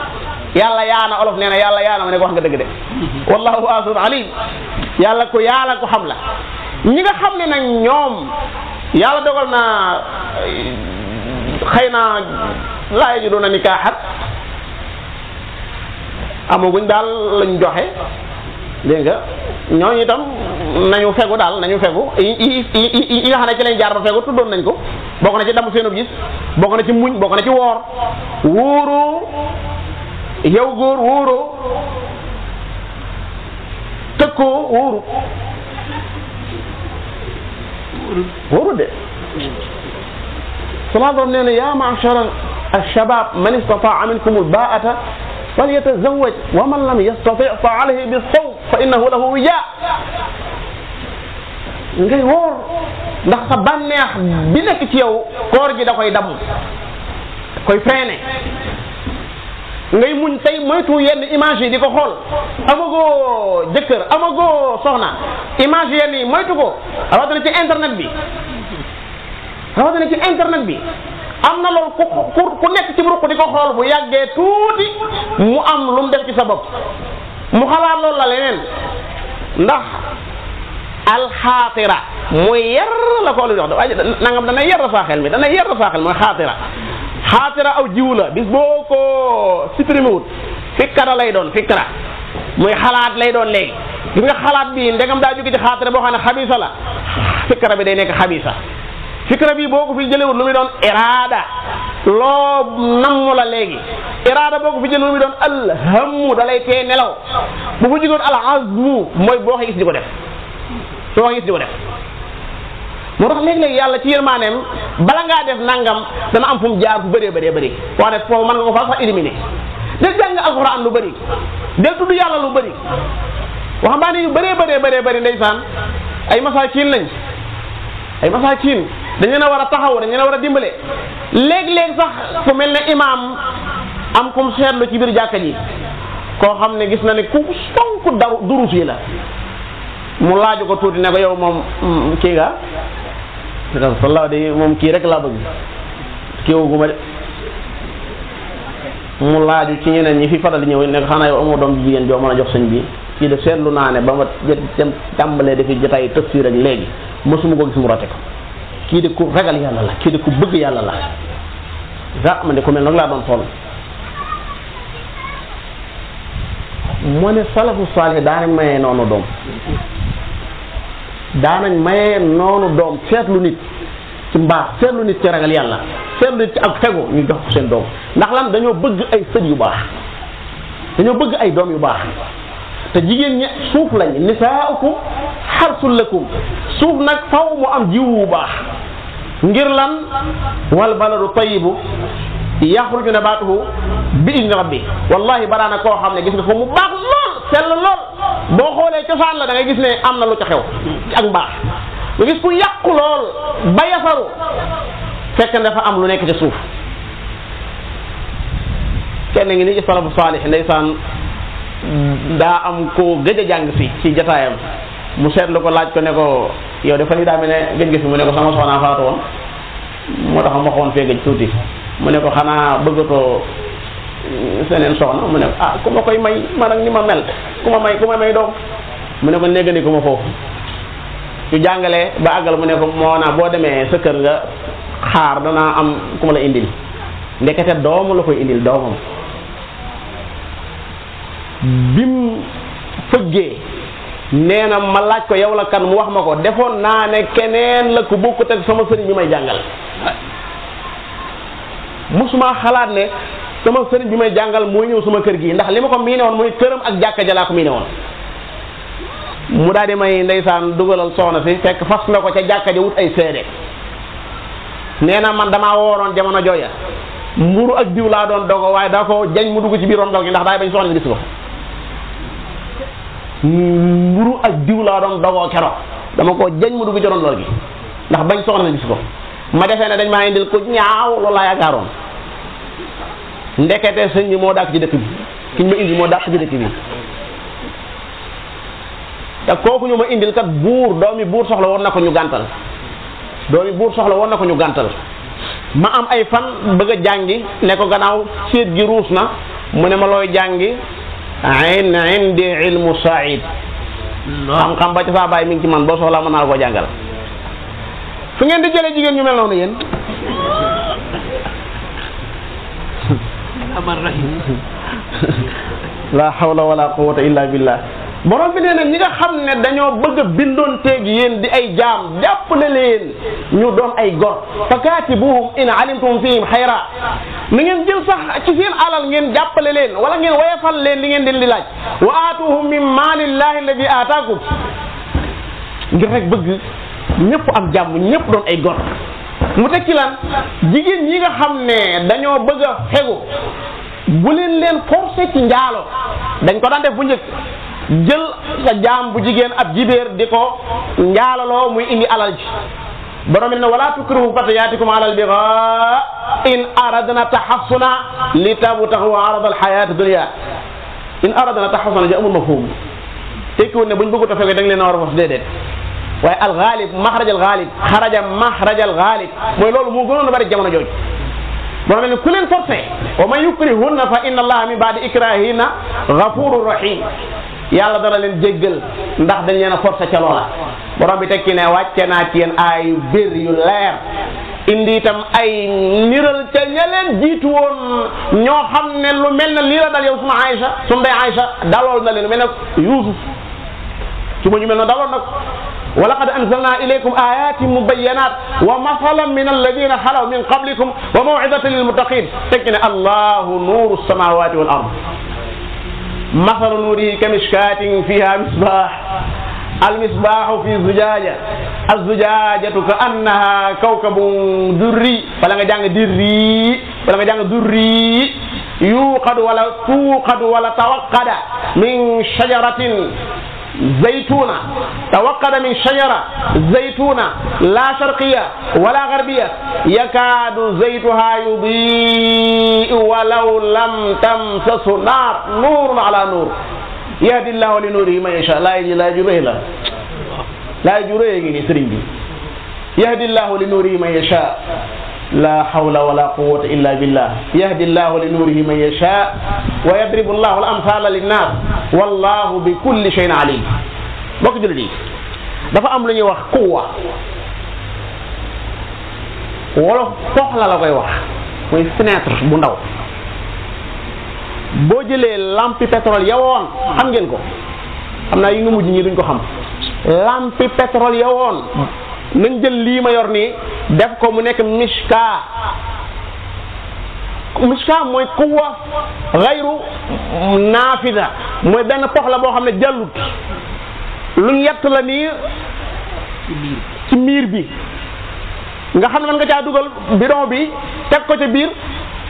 Speaker 1: yàlla yaana olof nee na yàlla yaana ma wax nga dëgg de wallahu asun alim yàlla ko yaala ko xam la ñi nga xam ne nag ñoom na xëy na laa yajiduna nikaahan amaguñ daal lañ joxe dégg nga ñooñu itam nañu fegu daal nañu fegu yi yi yi nga xam ne ci jaar ba fegu tuddoon nañ ko bokk na ci damu seenub gis bokk na ci muñ bokk na ci woor wóoru yow góor wóoroo tëkkoo wóoru wóoru de sama borom nee na yaa ma'shara al-shabab man istata'a minkum al-ba'ata falyatazawwaj wa man lam yastati fa alayhi bi sawm fa innahu lahu wijaa ngay wóor ndax sa bànneex bi nekk yow koor gi da koy damm koy freiné ngay muñ tey moytu yenn image yi di ko xool amagoo jëkkër amagoo soxna image yenn yi moytu ko rawatina ci internet bi rawatina ci internet bi am na loolu ku ku ku nekk ci ruq di ko xool bu yàggee tuuti mu am lu mu def ci sa bopp mu xalaat lool la leneen ndax alxaatira mooy yar la ko lu jox da nangam dana yar saa xel mi dana yar saa xel mooy xaatira xaatira aw jiw la bis boo ko supprimé wut fikkara lay doon fikkara muy xalaat lay doon léegi gis nga xalaat bi ndegam daa jóge ci xaatira boo xam ne xabisa la fikkara bi day nekk xabisa fikra bi boo ko fi jëlewul lu muy doon iraada loo namm la léegi iraada boo ko fi jël lu muy doon alhammu da lay tee nelaw bu ko jigoon al azmu mooy boo xee gis di ko def boo xee gis di ko def moo tax léeg-léeg yàlla ci yërmaaneem bala ngaa def nangam dana am fu jaar fu bëree baree bëri wax ne foofu mën nga ko fa sax éliminer del lu bëri del tudd yàlla lu bëri waxambaane yu bëree bëree bëree bëri ndeysaan ay masaakiin lañ ay masaakiin dañ leen a war a taxaw dañ leen war a dimbale léeg-léeg sax ku mel ne imaam am kum seetlu ci biir jàkka ji koo xam ne gis na ne ku sonk daru durus yi la mu laaju ko tuuti ne ko yow moom mm, kii nga sallallahu de moom kii rek laa bëgg kéewuguma de mu laaju ci ñeneen ñi fi faral ñëw ne xanaa yow amoo doom jigéen joo mën a jox sëñ bi kii de seetlu naa ne ba ma jë dem tàmbalee dafi jotaay tafsir ak léegi mësuma ko gis mu rate ko kii de ku ragal yàlla la kii de ku bëgg yàlla la ah man de ku mel nag laa doon xool moo ne salafu saalih daanañ mayee noonu doom daanañ mayee noonu doom seetlu nit ci mbaax seetlu nit ci ragal yàlla seetlu nit ci ak fegu ñu jox ko seen doom ndax lan dañoo bëgg ay sët yu baax dañoo bëgg ay doom yu baax te jigéen ñi suuf lañ nisaaukum xarsul lakum suuf nag faw mu am jiwu bu baax ngir lan wal baladu tayibu yaxruju nabaatuhu bi idni rabbi wallahi baraana koo xam ne gis nga mu baax lool sell lool boo xoolee cosaan la da ngay gis ne am na lu ca xew ak mbaax nga gis ku yàqu lool ba yafaru fekk na dafa am lu nekk ca suuf kenn ngi ni ci salafu saalix ndeysaan daa am ku gëj a jàng si ci jataayam mu seetlu ko laaj ko ne ko yow de fan yi daa mel ne gëj nga mu ne ko sama soxnaa faatu woon moo tax ma xawoon fee gëj tuuti mu ne ko xanaa bëggatoo seneen soxna mu ne ko ah ku ma koy may man ak ni ma mel ku ma may ku ma may doom mu ne ko néegandi ku ma foofu ñu jàngale ba àggal mu ne ko moo naa boo demee sa kër nga xaar danaa am ku ma la indil ndekete doomu la koy indil doomam bi mu fëggee nee na ma laaj ko yow la kan mu wax ma ko defoon naa ne keneen la ku bokkut ak sama sëriñ bi may jàngal mosuma xalaat ne sama sëriñ bi may jàngal mooy ñëw sama kër gi ndax li ma ko mii ne woon muy këram ak jàkka jalaa ko mii ne woon mu daal di may ndeysaan dugalal soxna si fekk fas na ko ca jàkka ja wut ay seede nee na man damaa wooroon jamono jooya mburu ak diw laa doon dogo waaye daa ko jañ mu dugg ci biir ron dog ndax daay bañ soxna si mburu ak diw la doon dogo kero dama ko jañ mu dugg ci ron lol gi ndax bañ soxna gis ko ma defé na dañ ma indil ku ñaaw lo la yaakaaroon ndekete señ mo dak ci dekk bi kiñ ma indi mo dak ci dekk bi te kooku ñu ma indil kat bur doomi bur soxla won nako ñu gantal doomi bur soxla won nako ñu gantal ma am ay fan bëgg a ne ko gannaaw seet gi ruus na mu ne ma loy jàngi in indi ilmu said xam-xam ba ca saa bàyyi mi ngi ci man boo soxlaa mën naa la koo jàngal fu ngeen di jigéen ñu mel noonu yéen la hawla wala quwwata illa billah borom bi nee nag ñi nga xam ne dañoo bëgg a bindoonteeg yéen di ay jaam jàppale leen ñu doon ay gor fa kaatibuhum in alimtum fihim xayra na ngeen jël sax ci seen alal ngeen jàppale leen wala ngeen wayefal leen li ngeen di di laaj wa aatuhum min maalillahi alladi aataakum ngir rek bëgg ñëpp am jàmm ñëpp doon ay gor mu tekki jigéen ñi nga xam ne dañoo bëgg a xegu bu leen leen forcé ci njaalo dañ ko daan def bu njëkk jël sa jaam bu jigéen ab jibéer di ko njaalaloo muy indi alal ji borom it ne wala tukrihu fatayaatikum alal bigaa in aradna taxassuna li tabtaxu arada alxayaati dunia in aradna taxassuna ji amul mafhum tekkiwul ne buñ bëggut a fekk da nga leen a war a fas déedéet waaye alxaalib maxraj alxaalib xaraja maxraj alxaalib mooy loolu moo gënoon a bari jamono jooju moo mel ni ku leen forcé wa man yukrihunna fa inna allaha min baadi ikrahina gafurun rahim yàlla dana leen jéggal ndax dañ leen a forcé ca loola borom bi tekki ne wàcce naa ci yéen ay bir yu leer indi itam ay niral ca ña leen jiitu woon ñoo xam ne lu mel ne lii la dal yow suma Aïcha sunu day Aïcha dalool na leen mel ne Yuusuf su ma ñu mel noonu dalool nag ولقد أنزلنا إليكم آيات مبينات ومثلا من الذين خلوا من قبلكم وموعظة للمتقين تكن الله نور السماوات والأرض مثل نوره كمشكاة فيها مصباح المصباح في زجاجة الزجاجة كأنها كوكب دري فلا جانغ دري فلا جانغ دري يوقد ولا توقد ولا توقد من شجرة زيتونة توقد من شجرة زيتونة لا شرقية ولا غربية يكاد زيتها يضيء ولو لم تمسس نار نور على نور يهدي الله لنوره من يشاء لا يجي لا يجري لا لا يجري يهدي الله لنوره من يشاء لا حول ولا قوة إلا بالله يهدي الله لنوره من يشاء ويضرب الله الأمثال للناس والله بكل شيء عليم بوك جولي دي دا فا ام لوني واخ قوة ولا توخلا لا كاي واخ موي فينيتر بو نداو بو جيلي لامبي بترول ياوون خام نين كو امنا ييغي موجي ني دنج كو خام لامبي بترول ياوون nañ jël lii ma yor nii def ko mu nekk mishka mishka mooy quwa xayru naafida mooy benn pox la boo xam ne jàllut lu yett la nii ci miir bi nga xam ne man nga caa dugal bidon bi teg ko ca biir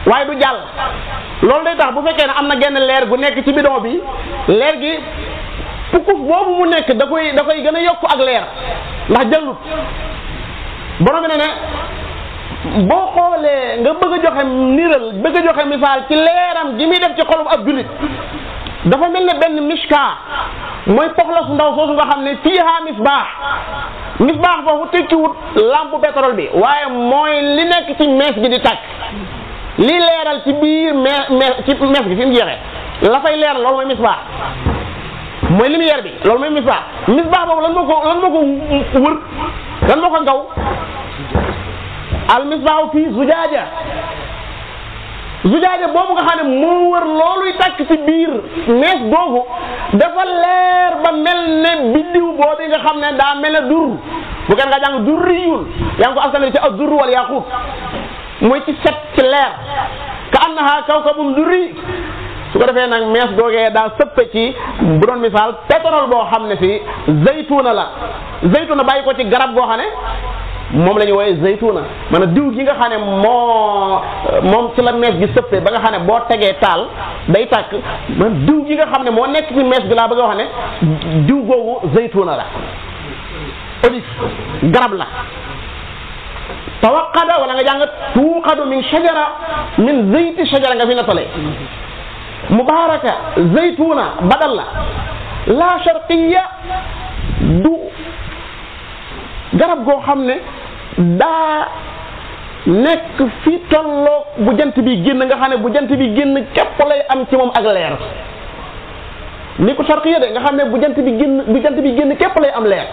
Speaker 1: waaye du jàll loolu day tax bu fekkee ne am na genn leer gu nekk ci bidon bi leer gi sukkuf boobu mu nekk da dafay gën a yokk ak leer ndax jëllut borom bi ne ne boo xoolee nga bëgg a joxe niral bëgg a joxe misaal ci leeram gi muy def ci xolum ab jullit dafa mel ne benn mishka mooy poxlas ndaw soosu nga xam ne fiiha misbaax misbaax foofu tekkiwut lampe pétrole bi waaye mooy li nekk ci mees gi di tàkk li leeral ci biir me mees ci mees gi fi jeexee la fay leeral loolu mooy misbaax mooy lumière bi loolu mooy misbaax misbaax boobu lan moo ko lan moo ko wër lan moo ko ngaw al misbaaxu fii zujaaja zujaaja boobu nga xam ne moo wër looluy tàkk ci biir nees boobu dafa leer ba mel ne biddiw boobu nga xam ne daa mel ne dur bu kenn nga jàng dur riyul yaa ngi ko askan ci ad dur wal yaaquut mooy ci set ci leer ka annaha durri su ko defee nag mees googee daal sëppe ci bu doon misaal pétrole boo xam ne si zaytuna la zaytuna bàyyi ko ci garab goo xam ne moom la ñuy wooye zaytuna maanaam diw gi nga xam ne moo moom ci la mees gi sëppee ba nga xam ne boo tegee taal day tàkk man diw gi nga xam ne moo nekk ci mees gi laa bëgg a wax ne diw googu zaytuna la olive garab la tawaqada wala nga jàng tuuqadu min shajara min zayti shajara nga fi nattale mubaaraka zaytuuna badal la la sharqiya du garab goo xam ne daa nekk fi tolloog bu jant bi génn nga xam ne bu jant bi génn képp lay am ci moom ak leer ni ko sharqiya de nga xam ne bu jant bi génn bu bi génn képp lay leer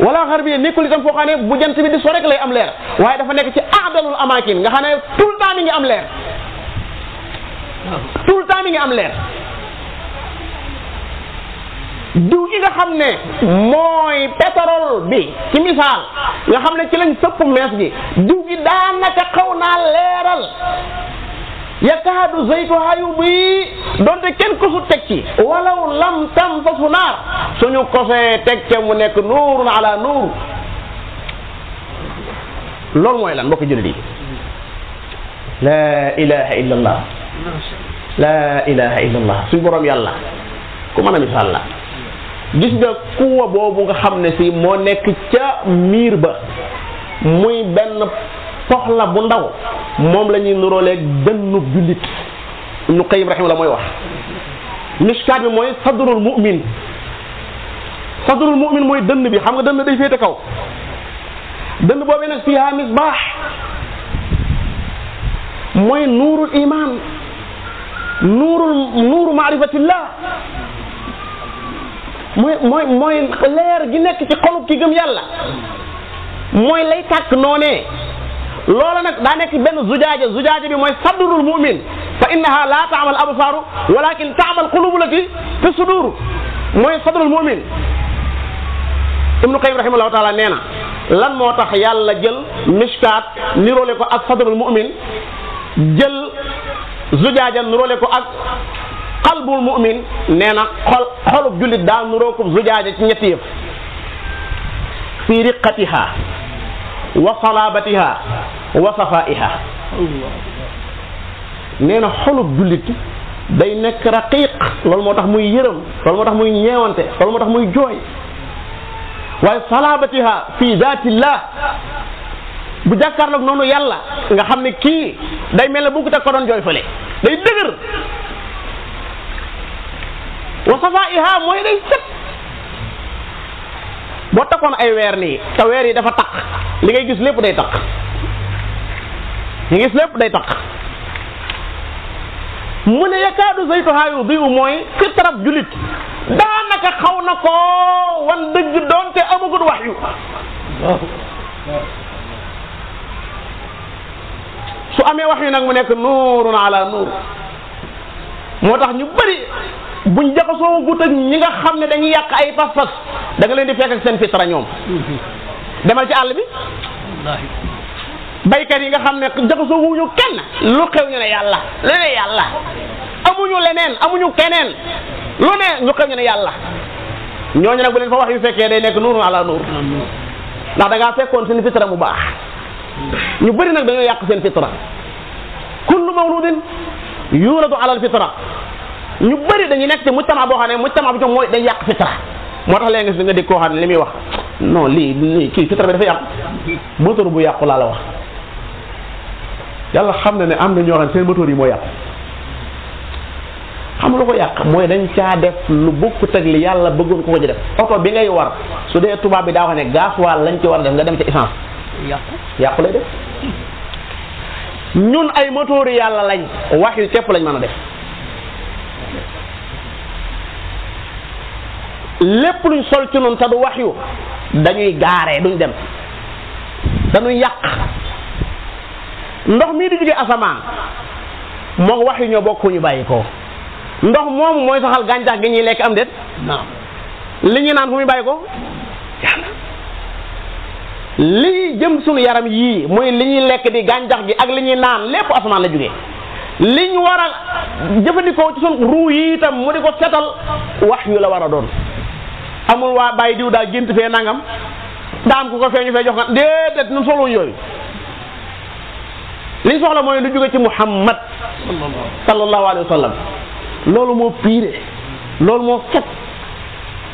Speaker 1: wala xarbiya nekkul itam foo xam ne bu jant bi di so rek lay am leer waaye dafa nekk ci aadalul amakin nga xam ne tout le temps ngi am leer tout le temps am leer diw gi nga ne mooy pétrole bi ci misaal nga xam ne ci lañ sëpp mees gi diw gi daanaka kaw naar leeral yakaadu zaytuha yudii donte kenn kosu teg ci walaw lam tam fasu naar suñu kosee teg ca mu nekk nuurun ala nuur loolu mooy lan mbokk jullit yi la ilaha illa laa ilaha illallah suñ borom yàlla ku mën a misaal la gis nga kuwa boobu nga xam ne si moo nekk ca miir ba muy benn poxla bu ndaw moom la ñuy nuróoleeg dënnu jullit nu Qayyim rahimahullah mooy wax mishkaat bi mooy sadrul mu'min sadrul mu'min mooy dënn bi xam nga dënn day féete kaw dënn boobee nag fiha misbaax mooy nuurul iman nuurul nuuru maarifatillah mooy mooy mooy leer gi nekk ci xolub ki gëm yàlla mooy lay tàkk noonee loola nag daa nekk benn zujaaja zujaaja bi mooy sadrul mumin fa innaha la taamal absaaru walakin taamal qulubu lati fi sudur mooy sadrul mumin ibnu qayim rahimahullahu taala nee na lan moo tax yàlla jël mishkaat niroole ko ak sadrul mumin jël zujaaja nuróole ko ak qalbul mu'min nee na xol xolub jullit daal nuróo ko zujaaja ci ñetti yëf fi riqatiha wa salabatiha wa safaiha nee na xolub jullit day nekk raqiq loolu moo tax muy yërëm loolu moo tax muy ñeewante loolu moo tax muy jooy waaye salabatiha fi daatillah bu jàkkaarloog noonu yàlla nga xam ne kii day mel ne bokkut ak ko doon jooy fële day dëgër wa safaiha mooy day set boo takkoon ay weer nii te weer yi dafa taq li ngay gis lépp day taq li ngay gis lépp day taq mu ne yakaadu zaytuha yudiu mooy fitrab julit daanaka xaw na ko wan dëgg doonte amagut wax yu su amee wax yi nag mu nekk nuurun ala nuur moo tax ñu bëri buñ jaxasoo gut ak ñi nga xam ne dañuy yàq ay pas-pas da nga leen di fekk ak seen fitra ñoom demal ci àll bi baykat yi nga xam ne jaxasoo wuñu kenn lu xew ñu ne yàlla lu ne yàlla amuñu leneen amuñu keneen lu ne lu xew ñu ne yàlla ñooñu nag bu leen fa wax yu fekkee day nekk nuurun ala nuur ndax dangaa fekkoon seen fitra mu baax ñu bëri nag dañoo yàq seen fitra kullu mawludin yuladu ala al fitra ñu bëri dañuy nekk ci mujtama boo xam ne mujtama bi mooy day yàq fitra moo tax léegi nga dégg koo xam ne li muy wax non lii lii kii fitra bi dafa yàqu moteur bu yàqu laa la wax yàlla xam na ne am na ñoo xam ne seen moteur yi moo yàqu xam lu ko yàq mooy dañ caa def lu bokkut ak li yàlla bëggoon ko ko ci def oto bi ngay war su dee tubaab bi daa wax ne gasoil lañ ci war a def nga dem ci essence yàqu yàqu lay def ñun ay motoori yàlla lañ wax yu képp lañ mën a def lépp luñ sol ci noonu te du wax yu dañuy gaaree duñ dem dañuy yàq ndox mii di jóge asamaan moog wax yu ñoo bokk ñu bàyyi ko ndox moomu mooy saxal gàncax gi ñuy lekk am déet li ñuy naan fu muy bàyyi ko lii jëm sunu yaram yii muy li ñuy lekk di gàncax gi ak li ñuy naan lépp asamaan la jógee li ñu waral jëfandikoo ci sunu ruu yi tam mu di ko setal wax yu la war a doon amul waa bàyyi diw daa gént fee nangam daam ku ko feeñu fee jox nga déedéet nun soxlawuñ yooyu liñ soxla mooy du jóge ci muhammad sallallahu alayhi wa loolu moo piire loolu moo set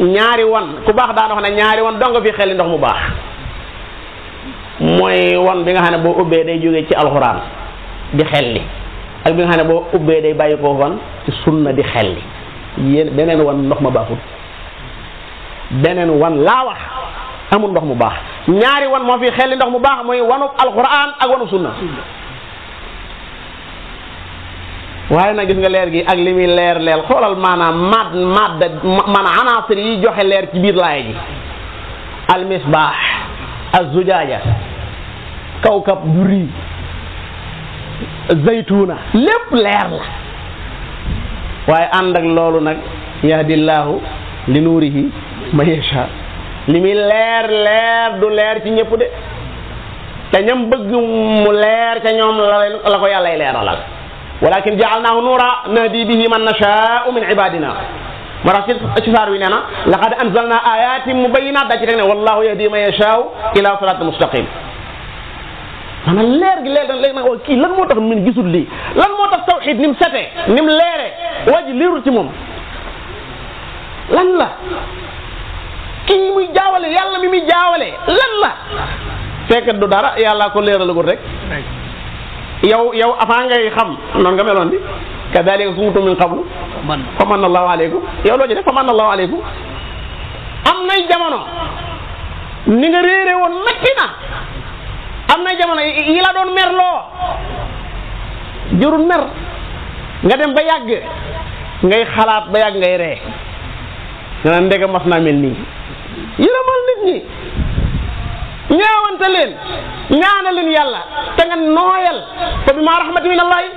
Speaker 1: ñaari wan ku baax daan wax ne ñaari wan dong fi xel ndox mu baax mooy won bi nga xam ne boo ubbee day jógee ci alxuraan di li ak bi nga xam ne boo ubbee day bàyyi koo fan ci sunna di xelli yéen beneen wan ndox ma baaxul beneen wan laa wax amul ndox mu baax ñaari wan moo fi xelli ndox mu baax mooy wanub alxuraan ak wanub sunna waaye nag gis nga leer gi ak li muy leer leer xoolal maanaam maad maad maanaam anaasir yi joxe leer ci biir laay ji almisbaax azzujaaja kawkab du riz zaytuna lépp leer la waaye ànd ak loolu nag yahdillahu li nuurihi ma yasha li muy leer leer du leer ci ñëpp de te ñam bëgg mu leer ca ñoom la ko yàllay leeralal walakin jaalnaahu nuura nahdi bihi man nashaau min ibadina moo tax ci ci saar wi nee na laqad anzalna ayatin mubayinat daa ci teg ne wallahu yahdi man yashaau ila siraatin mustaqim maanaam leer gi leer nag léegi nag kii lan moo tax min gisul lii lan moo tax tawxid ni mu setee ni mu leeree waa ji ci moom lan la kii muy jaawale yàlla mi muy jaawale lan la fekk du dara yàllaa ko leer leeralagul rek yow yow avant ngay xam noonu nga meloon di kadalika kuntum min qablu fa manna allahu aleykum yow loo ci def fa manna am nay jamono ni nga réere woon métti na am na jamono yi la doon mer loo jurul mer nga dem ba yàgg ngay xalaat ba yàgg ngay ree nga naan ndega mas naa mel nii yërëmal nit ñi ñaawante leen ñaana leen yàlla te nga nooyal fa bi ma rahmati min allahi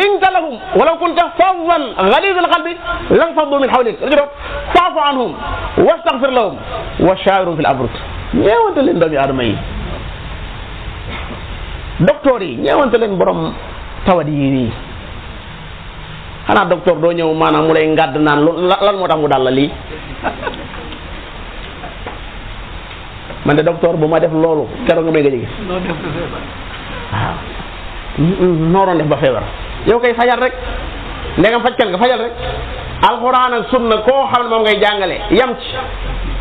Speaker 1: linta lahum walaw kunta faddan ghalid al qalbi lan faddu min hawlik la jot anhum wastaghfir lahum wa shaawirhum fil amr ñeewante leen doomi aadama yi docteur yi ñeewante leen borom tawat yii nii xanaa docteur doo ñëw maanaam mu lay ngàdd naan lu lan moo tax mu dal la lii man de docteur bu ma def loolu keroog nga may gëj a gis waaw nooroon def ba feebar yow kay fajal rek ndegam fajkat nga fajal rek alxuraan ak na koo xam ne moom ngay jàngale yam ci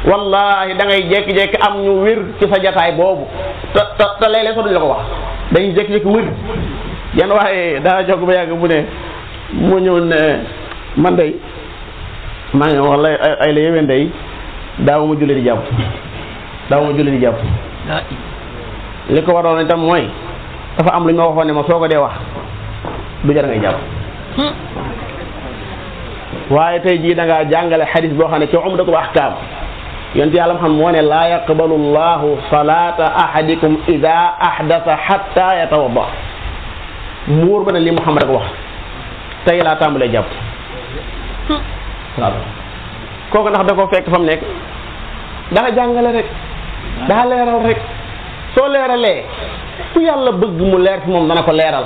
Speaker 1: wallahi dangay ngay jékki am ñu wér ci sa jataay boobu te te te léeg-léeg sax duñ la ko wax dañuy jékki-jékki wér yan waaye daa jóg ba yàgg mu ne mu ñëw ne man day maa ngi wax lay ay la yéwén day daaw ma julli di jàpp daaw ma julli di jàpp li ko waroon itam mooy dafa am lu ñu ma waxoon ne ma soo ko dee wax du jar ngay jàpp hmm. waaye tey jii da jàngale xadis boo xam ne ci umdatul ahkaam yonent yàlla xam moo ne laa yaqbalu llahu salaata ahadikum ida ahdasa xatta yatawadda mu wóor ba ne li Muhammad ak wax ndax da ko fekk fa mu nekk daa jàngale rek daa leeral rek soo leeralee ku yàlla bëgg mu leer fi moom dana ko leeral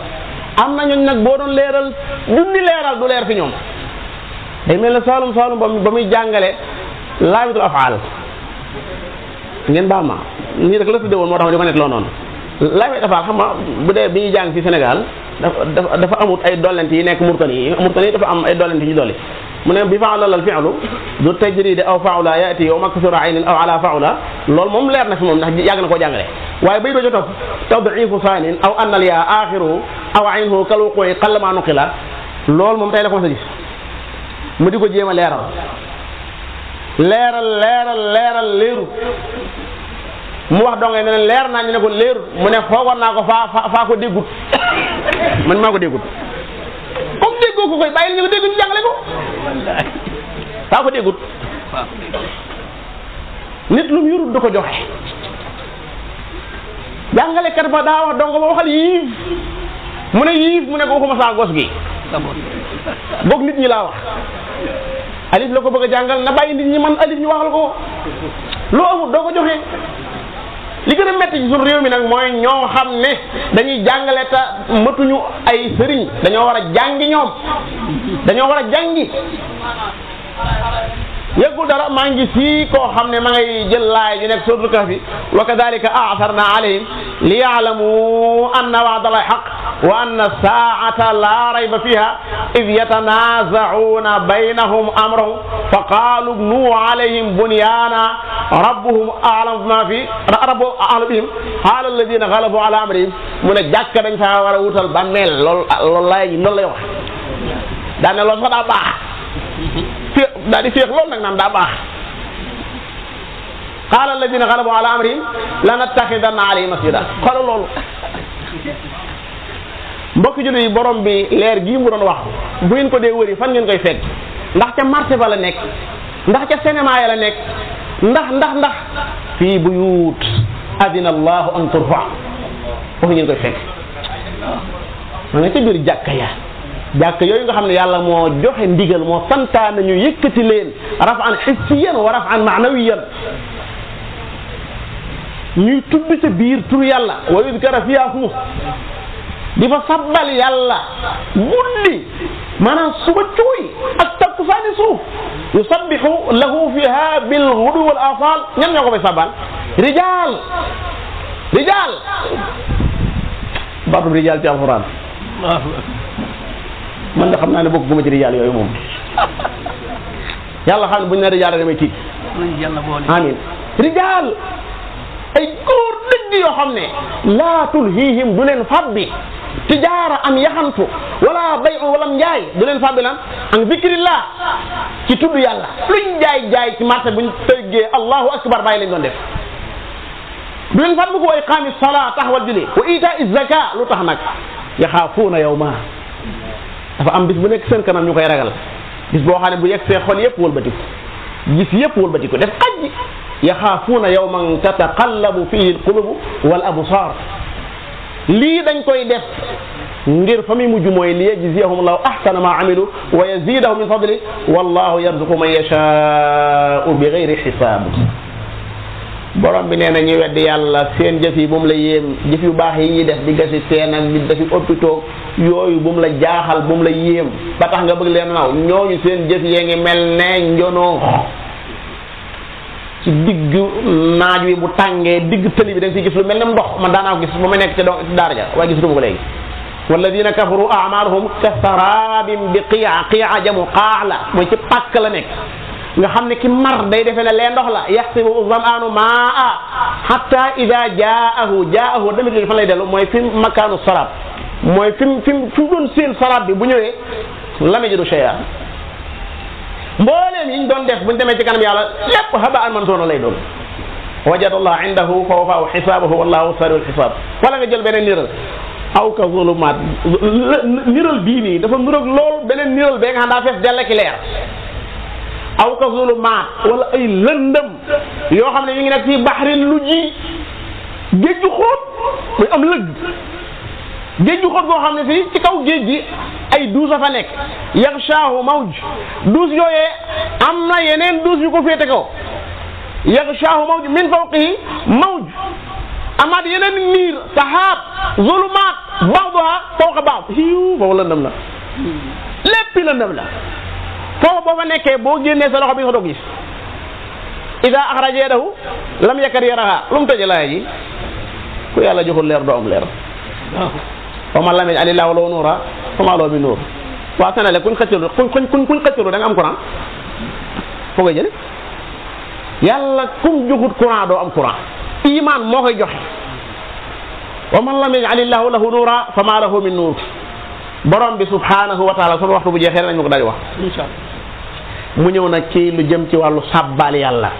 Speaker 1: am na ñooñ nag boo doon leeral junni leeral du leer fi ñoom day mel ne saalum saalum ba muy jàngale laabitul afaal ngeen baal ma nii rek la tudde woon moo tax ma di ma nekk loo noonu laabitul afaal xam nga bu dee bi ñuy jàng fi Sénégal dafa dafa amut ay dollent yi nekk murtani yi murtani yi dafa am ay dollent yi ñu dolli mu ne bi faalal al fi'lu du tajridi aw faula yaati yow maksuura aynin aw ala faula loolu moom leer na fi moom ndax yàgg na koo jàngale waaye bay doo ca topp tadifu saanin aw annal yaa axiru aw aynhu kaluqooy qallama loolu moom tey la mu di ko jéem a leeral leeral leeral leeral leeru mu wax dongay ne leer naa ñu ne ko leeru mu ne foogoon naa ko faa faa ko déggut man maa ko déggut comme déggoo ko koy bàyyi ñu ko dégg jàngale ko faa ko déggut nit lu mu yurut du ko joxe jàngalekat ba daa wax dongo ba waxal yiif mu ne yiif mu ne ko waxuma saa gos gi boog nit ñi laa wax alif la ko bëgg jàngal na bàyyi nit ñi man alif ñu waxal ko lu amul doo ko joxe li gën metti ci sun réew mi nag mooy ñoo xam ne dañuy jàngale ta matuñu ay sëriñ dañoo war jangi jàngi ñoom dañoo jangi. yegul dara ma ngi fi ko xamne ma ngay jël lay ñu nek suratul kafi wa kadalika a'tharna alayhim li yaalamu anna la haqq wa anna saata la rayba fiha id yatanazauna baynahum amrahum fa qaalu bnu alayhim bunyana rabbuhum alam ma fi rabbu alam hal alladhina ghalabu ala amri mu ne jàkk dañ fa wara wutal banel lol lol lay ñu lay wax da ne lol sax da ba féex daal di féex loolu nag naan daa baax qaala alladina xalabu ala amrihim lanattaxidanna alayhim masjida xoolal loolu mbokki jullit borom bi leer gii mu doon wax bu ngeen ko dee wëri fan ngeen koy fekk ndax ca marché ba la nekk ndax ca cinéma ya la nekk ndax ndax ndax fii buyuut adina allahu an turfa foofu ngeen koy fekk ma nga ca biir jàkka ya jàkk yooyu nga xam ne yàlla moo joxe ndigal moo santaane ñu yëkkati leen rafan hissiyan wa rafan maanawiyan ñuy tudd ca biir tur yàlla wa yudkara fiha smuh di fa sabbal yàlla guddi maanaam suba cuuy ak takkusaani lahu fiha bil ghudu wal asal ñan ñoo ko fay sabbal man de xam naa ne bokk guma ci rijaal yooyu moom yàlla xam ne buñ ne rijaal rek damay tiit amin rijaal ay góor dëgg yoo xam ne laa tulhiihim du leen fàbbi tijaara am yaxantu wala bay un wala njaay du leen fàbbi lan an zikrillah
Speaker 2: ci tudd yàlla luñ jaay
Speaker 1: jaay ci marché buñ tëggee allahu akbar bàyyi lañ doon def du leen fàbbi ko wa iqaami salaa taxawal julli wa itaa zaka lu tax nag yaxaafuuna yawma dafa am bis bu nekk seen kanam ñu koy ragal bis boo xam ne bu yegg see xol yëpp wëlbatiku gis yëpp wëlbatiku def xaj yaxaafuuna yawman tataqallabu fihi alqulubu wal absar lii dañ koy def ngir fa muy mujj mooy li yajziyahum allahu ahsana ma amilu wa yazidahum min fadli wallahu yarzuqu man yashaau bi gayri xisaab borom bi nee na ñu wedd yàlla seen jëf yi bu mu la yéem jëf yu baax yi ñuy def di gasi seen ak di dafi yooyu bu mu la jaaxal bu mu la yéem ba tax nga bëgg leen naw ñooñu seen jëf yee ngi mel ne njonoox ci digg naaj wi bu tàngee digg tëli bi da nga si gis lu mel ne ndox man daanaa ko gis ba ma nekk ca ci daara ja waaye gisatuma ko léegi walladina kafaru amaluhum kasarabin bi qiya qiya jamu qaa la mooy ci pàkk la nekk nga xam ki mar day defe ne lee ndox la yahsibu zamanu maa hatta idha jaahu jaahu damit li lay delu moy fim makanu sarab moy fim fim fu don sen seen sarab bi bu ñewé la ma jidu cheya mbooleem yi ñu doon def bu démé ci kanam yàlla lépp haba an man mansoona lay doon wajad allah indahu fa wafaahu xisaabahu wallahu sariul xisaab wala nga jël benen niral aw ka zulumat niral bi ni dafa niral lool benen niral be nga xam fess delaki leer aw ka zulumaat wala ay lëndëm yoo xam ne ñu ngi nekk ci baxrin lu ji géej gu am lëgg géej gu goo xam ne fii ci kaw géej gi ay duus a fa nekk yaxshaahu mawj duus yooyee am na yeneen duus yu ko féete kaw yaxshaahu mawj min fawqihi mawj amaat yeneen niir sahaab zulumaat ba'duha fawqa ba'd hiu foofu lëndëm la léppi lëndëm la foofu boo fa nekkee boo génnee sa loxo bi sa doo gis ida axraja yadahu lam yakad yaraha lu mu tëje laaya yàlla joxul leer doo am leer wa man lam yaj'al illaahu lahu nuura fa maa lahu min nuur waa Sénégal da nga am courant foo koy jële yàlla kum joxut courant moo koy joxe wa man lam yaj'al illaahu lahu nuura fa maa lahu min nuur borom bi subhaanahu wa taala waxtu bu jeexee nañ ma ko daal wax mu ñëw nag ci lu jëm ci wàllu sàbbaal yàlla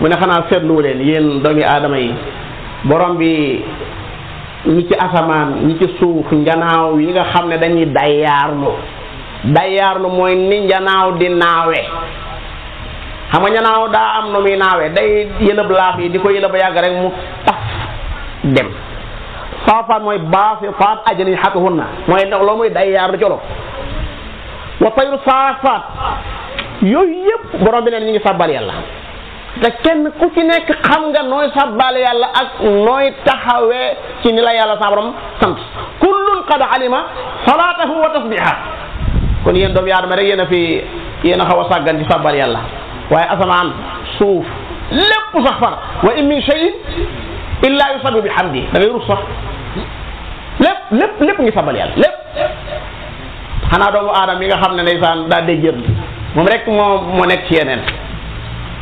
Speaker 1: mu ne xanaa seetluwu leen yéen doomi aadama yi borom bi ñi ci asamaan ñi ci suuf njanaaw yi nga xam ne dañuy dayyaarlu dayyaarlu mooy ni njanaaw di naawe xam nga njanaaw daa am nu muy naawe day yëlëb laax yi di ko yëlëb yàgg rek mu taf dem saafaat mooy baasi faat ajani xatuhun na mooy ndax loo muy dayyaarlu colo wa tayru saafaat yooyu yëpp borom bi neen ngi sàbbal yàlla te kenn ku ci nekk xam nga nooy sàbbal yàlla ak nooy taxawee ci ni la yàlla sa borom sant kullun qad alima salaatahu wa tasbiha kon yéen doomu yéen a fi yéen a waaye asamaan suuf lépp sax far wa in min cheyin illaa yusabbihu bi hamdi da ngay rus sax lépp lépp ngi sàbbal yàlla doomu aadama yi nga xam ne ndeysaan daa moom rek moo moo nekk ci yeneen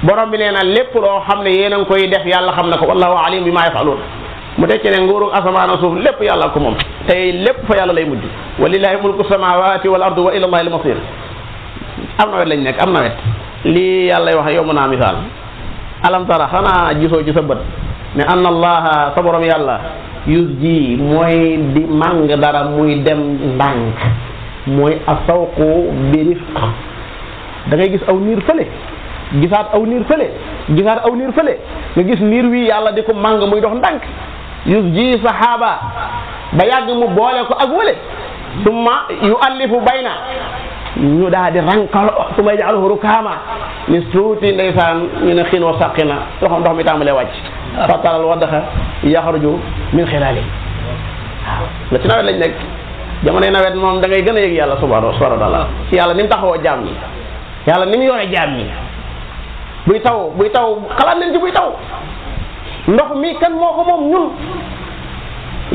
Speaker 1: borom bi nee na lépp loo xam ne yéen a koy def yàlla xam na ko wallahu alim bi maa yafaluun mu teg ci ne nguuru asamaan ak suuf lépp yàlla ko moom tey lépp fa yàlla lay mujj walillahi mulku samawati wal ardu wa ila allahi al masir am na lañ nekk am nawet lii yàlla wax yomb naa misaal alam tara xanaa gisoo ci sa bët ne anna allaha sa borom yàlla yus ji mooy di màng dara muy dem ndànk mooy asawqu birifq dangay gis aw niir fële gisaat aw niir fële gisaat aw niir fële nga gis niir wii yàlla di ko màng muy dox ndànk yus ji saxaaba ba yàgg mu boole ko ak wële summa yu allifu bayna ñu daa di rankaloo summa yaj'aluhu rukaama ni suuti ndeysaan ñu ne xiin wa sàqi na loxo ndox mi tàmbalee wàcc fataral waddaxa yaxruju min xilaali waaw la ci nawet lañ nekk jamonoy nawet moom da ngay gën a yëg yàlla subhanahu wa taala ci yàlla ni mu taxawoo jaam ñi yàlla ni mu yore jaam ñi buy taw buy taw xalaat leen ci buy taw ndox mi kan moo ko moom ñun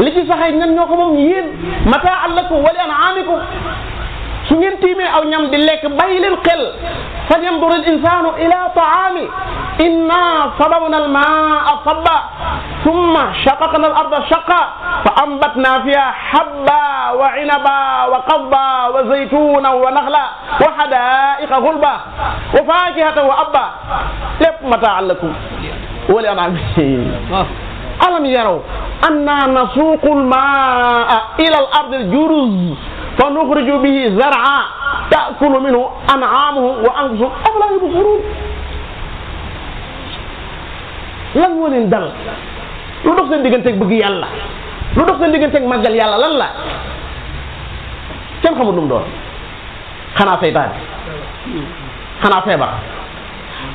Speaker 1: li ci saxee ñan ñoo ko moom yéen mataa allakum wa li an'aamikum su ngeen tiimee aw ñam di lekk bàyyi leen xel fa yanzuru al insanu ila taami inna sababna al maa sabba thumma shaqaqna al arda shaqa fa ambatna fiha habba wa inaba wa qadba wa zaytuna wa nakhla wa hadaiqa ghulba wa fakihatan wa abba lépp mataan lakum wa li anamikum alam yaraw anna nasuqu al maa ila al ardi al juruz fa nuxriju bihi zar'a ta'kulu minhu an'aamuhum wa anfusuhum afalaa yubsiruun lan moo leen dal lu dox seen digganteeg bëgg yàlla lu dox seen digganteeg màggal yàlla lan la kenn xamul lu mu doon xanaa seytaan xanaa feebar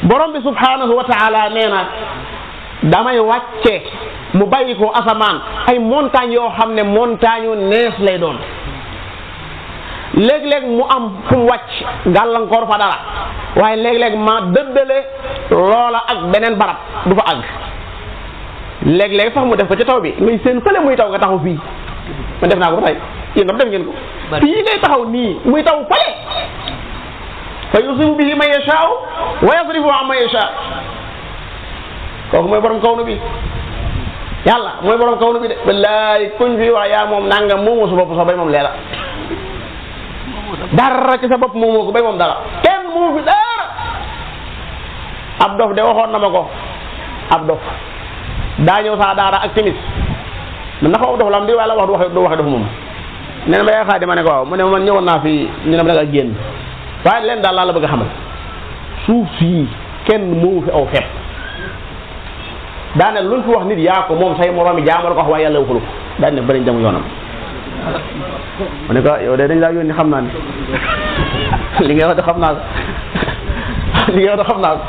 Speaker 1: borom bi subhanahu wa taala nee na damay wàcce mu bàyyi ko asamaan ay montagne yoo xam ne montagne yu lay doon. léeg-léeg mu am fu mu wàcc gàllankoor fa dara waaye léeg-léeg ma dëddale loola ak beneen barab du fa àgg léeg-léeg sax mu def ko ci taw bi ngay seen fële muy taw nga taxaw fii ma def naa ko ba tey yéen daf def ngeen fii ngay taxaw nii muy taw fële fa yusibu bihi man yashaa'u wa yasrifu an man yashaa' kooku mooy borom kaw nu bi yàlla mooy borom kaw nu bi de wallaay kuñ fi wax yaa moom nangam moom mosu bopp sax bay moom leela dara ci sa bopp moomoo ko moom dara kenn moomu fi dara ab dof de waxoon na ma ko ab dof daa ñëw saa daara ak timis man naka ab dof la am di wàlla wax wax du waxe dof moom nee na ma yaay xaadi ma ne ko ne man ñëwoon naa fi ñu ne ma nag ak génn waaye leen daal laa la bëgg a xamal suuf sii kenn moomu fi aw fepp daane luñ fi wax nit yaa ko moom say moroomi jaamal ko wax waaye yàlla waxulu daane bëriñ dem yoonam mu ne ko ah, yow de dañ laa yónni xam naa ne li ngay wax de xam naa ko li ngay wax xam naa ko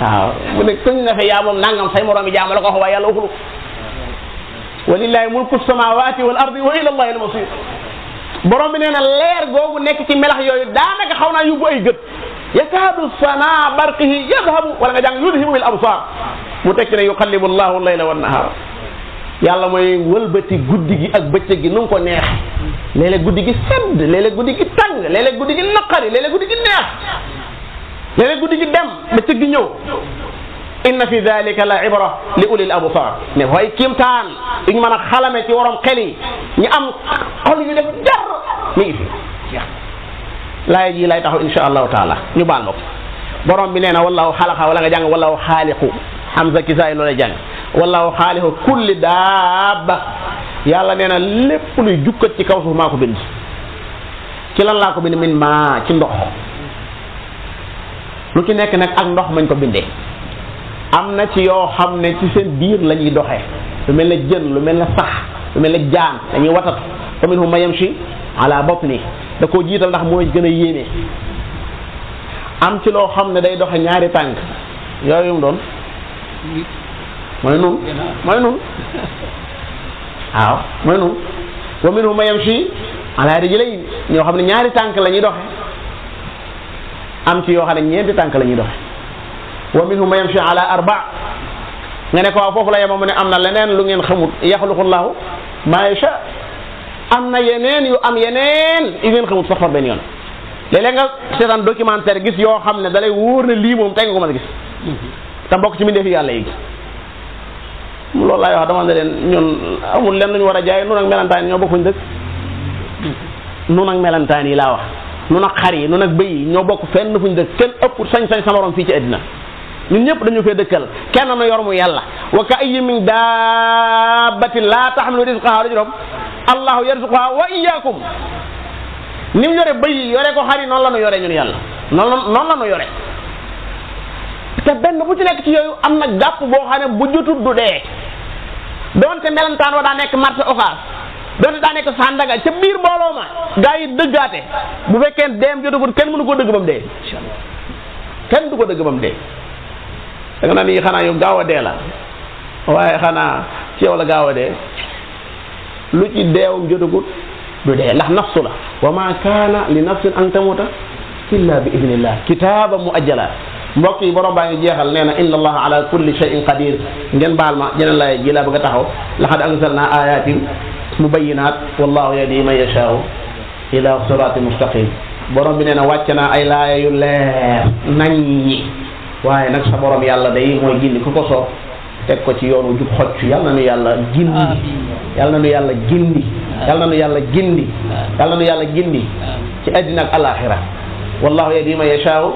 Speaker 1: waaw mu ne kuñ na fe yaa moom nangam say moroom yi jaam la ko wax waaye yàlla waxulu walillahi mulku samawati wal ardi wa ila allahi al masir borom bi nee na leer googu nekk ci melax yooyu daanaka xaw naa yóbbu ay gët yakaadu sana barqihi yadhabu wala nga jàng yudhibu al absar mu tekki ne yuqallibu allahu al layla wan nahara yàlla mooy wëlbati guddi gi ak bëccëg gi nu ko neex léeg-léeg guddi gi sedd léeg-léeg guddi gi tàng léeg neex léeg-léeg dem bëccëg gi ñëw inna fi dalika la ibra li ulil absar ne waaye kéemtaan duñu mën a xalame ci waroom xel yi ñu am xol yu def dar mi ngi fi laay ji lay taxaw insha taala ñu baal ma ko bi nee na wallahu xalaqa wala nga jàng wallahu xaaliqu hamza kisaay loola jàng wallaahu xaaliqu kulli daaba yàlla nee na lépp luy jukkat ci kaw suuf maa ko bind ci lan laa ko bind min maa ci ndox lu ci nekk nag ak ndox mañ ko bindee am na ci yoo xam ne ci seen biir lañuy doxe lu mel ne jën lu mel ne sax lu mel ne jaan dañuy watatu fa minhum man yamshi ala batni da koo jiital ndax mooy gën a yéeme am ci loo xam ne day doxe ñaari tànk yooyu mu doon mooy nun mooy nun waaw mooy nun wa minhum man yamshi ala rijlayn ñoo xam ne ñaari tànk la ñuy doxe am ci yoo xam ne ñeenti tànk lañuy ñuy doxe wa minhum man yamshi ala arba nga ne ko foofu la yema mu ne am na leneen lu ngeen xamut yaxluqu llahu ma yasha am na yeneen yu am yeneen yu ngeen xamut sax far benn yoon léeg-léeg nga seetaan documentaire gis yoo xam ne dalay wóor ne lii moom tey nga ko mën a gis mhm. te mbokk ci mbindeefi yàlla yi loolu laay wax dama ne leen ñun amul lenn lu ñu war a jaay nun ak ñoo bokk dëkk nun ak melentaan yi laa wax nun ak xar yi nun ak bëy ñoo bokk fenn fuñ dëkk kenn ëpp sañ-sañ sa fii ci addina ñun ñëpp dañu fee dëkkal kenn na yor mu yàlla wa ka ayyin min daabatin laa taxmilu rizqahaa rijrom allahu yarzuquhaa wa iyaakum ni mu yore bëy yore ko xar yi la nu yore ñun yàlla noonu la noonu la nu yore te benn bu ci nekk ci yooyu am na gàpp boo xam ne bu jotul du dee donte melantaan wa daa nekk marché occas donte daa nekk sàndaga ca biir mbooloo ma gaa yi dëggaate bu fekkee deem jotagut kenn mënu koo dëgg ba mu dee kenn du ko dëgg ba mu dee da nga naan xanaa yow gaaw a dee la waaye xanaa ci yow la gaaw a dee lu ci deewam jotagut du dee ndax nafsu la wa ma kaana li nafsin an tamuta illa bi idnillah kitaaba mu ajjala mbokk yi borom baa ngi jeexal nee na inna allaha ala kulli shay'in qadir ngeen baal ma jeneen laay ji laa bëgg a taxaw laqad anzalna ayatin mubayyinat wallahu yahdi man yashaa'u ila siraatin mustaqim borom bi nee na wàcc naa ay laaya yu leer nañ ñi waaye nag sa borom yàlla day mooy gindi ku ko soob teg ko ci yoonu jub xocc yàlla na nu yàlla gindi yàlla na nu yàlla gindi yàlla na yàlla gindi yàlla yàlla gindi ci àddina ak alaaxira wallahu yahdi man yashaa'u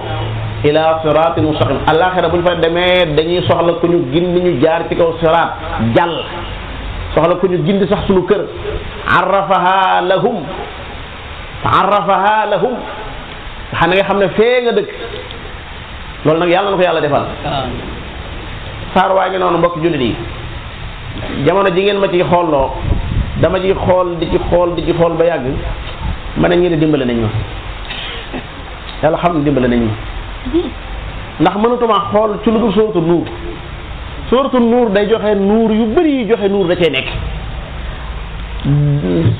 Speaker 1: ila siraatin mustaqim àllaaxira bu ñu fa demee dañuy soxla ku ñu gindi ñu jaar ci kow siraat jàll soxla ku ñu gind sax suñu kër arrafaha lahum arrafaha lahum xam ne fee nga dëkk loolu nag yàlla na ko yàlla defal saar waa ngi noonu mbokki jullit yi jamono ji ngeen ma ci xoolloo dama ci xool di ci xool di ci xool ba yàgg ma ne ñu dimbali dimbale nañ ma yàlla xam ne dimbale nañ ma ndax mënatuma xool ci lu dul sóoratu nuur sóoratu nuur day joxe nuur yu bëri yu joxe nuur da cee nekk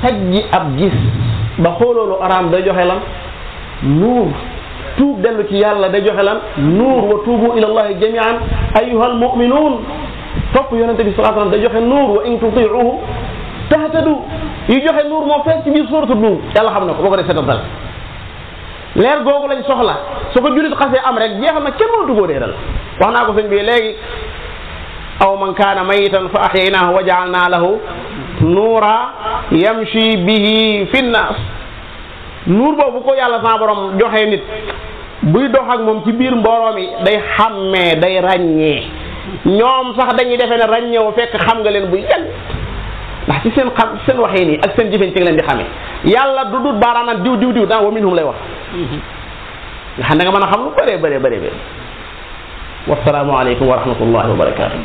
Speaker 1: sajji ab gis ba xooloolu araam day joxe lan nuur tuub dellu ci yàlla day joxe lan nuur wa tuubu ila allahi jamian ayuha almuminuun topp yonente bi salaa sallam day joxe nuur wa in tutiuhu tahtadu yu joxe nuur moo fees ci biir sóoratu nuur yàlla xam na ko boo ko def seetal leer googu lañ soxla su ko jullit xasee am rek jeexal na kenn mënatu koo réeral wax naa ko sëñ bi léegi aw man kaana mayitan fa axyaynaahu wa jaalnaa lahu nuura yamshi bihi fi nnaas nuur boobu ko yàlla sa borom joxe nit buy dox ak moom ci biir mbooloo mi day xàmmee day ràññee ñoom sax dañuy defe ne ràññewu fekk xam nga leen bu yàgg ndax ci seen xam seen waxee nii ak seen jëfeen ci nga leen di xamee yàlla du dut baaraanaan diw diw diw daan wa minhum lay wax mhm. nga xam ne nga mën a xam lu bëree bëree bëree bëree wasalaamualeykum wa rahmatullahi wa barakatu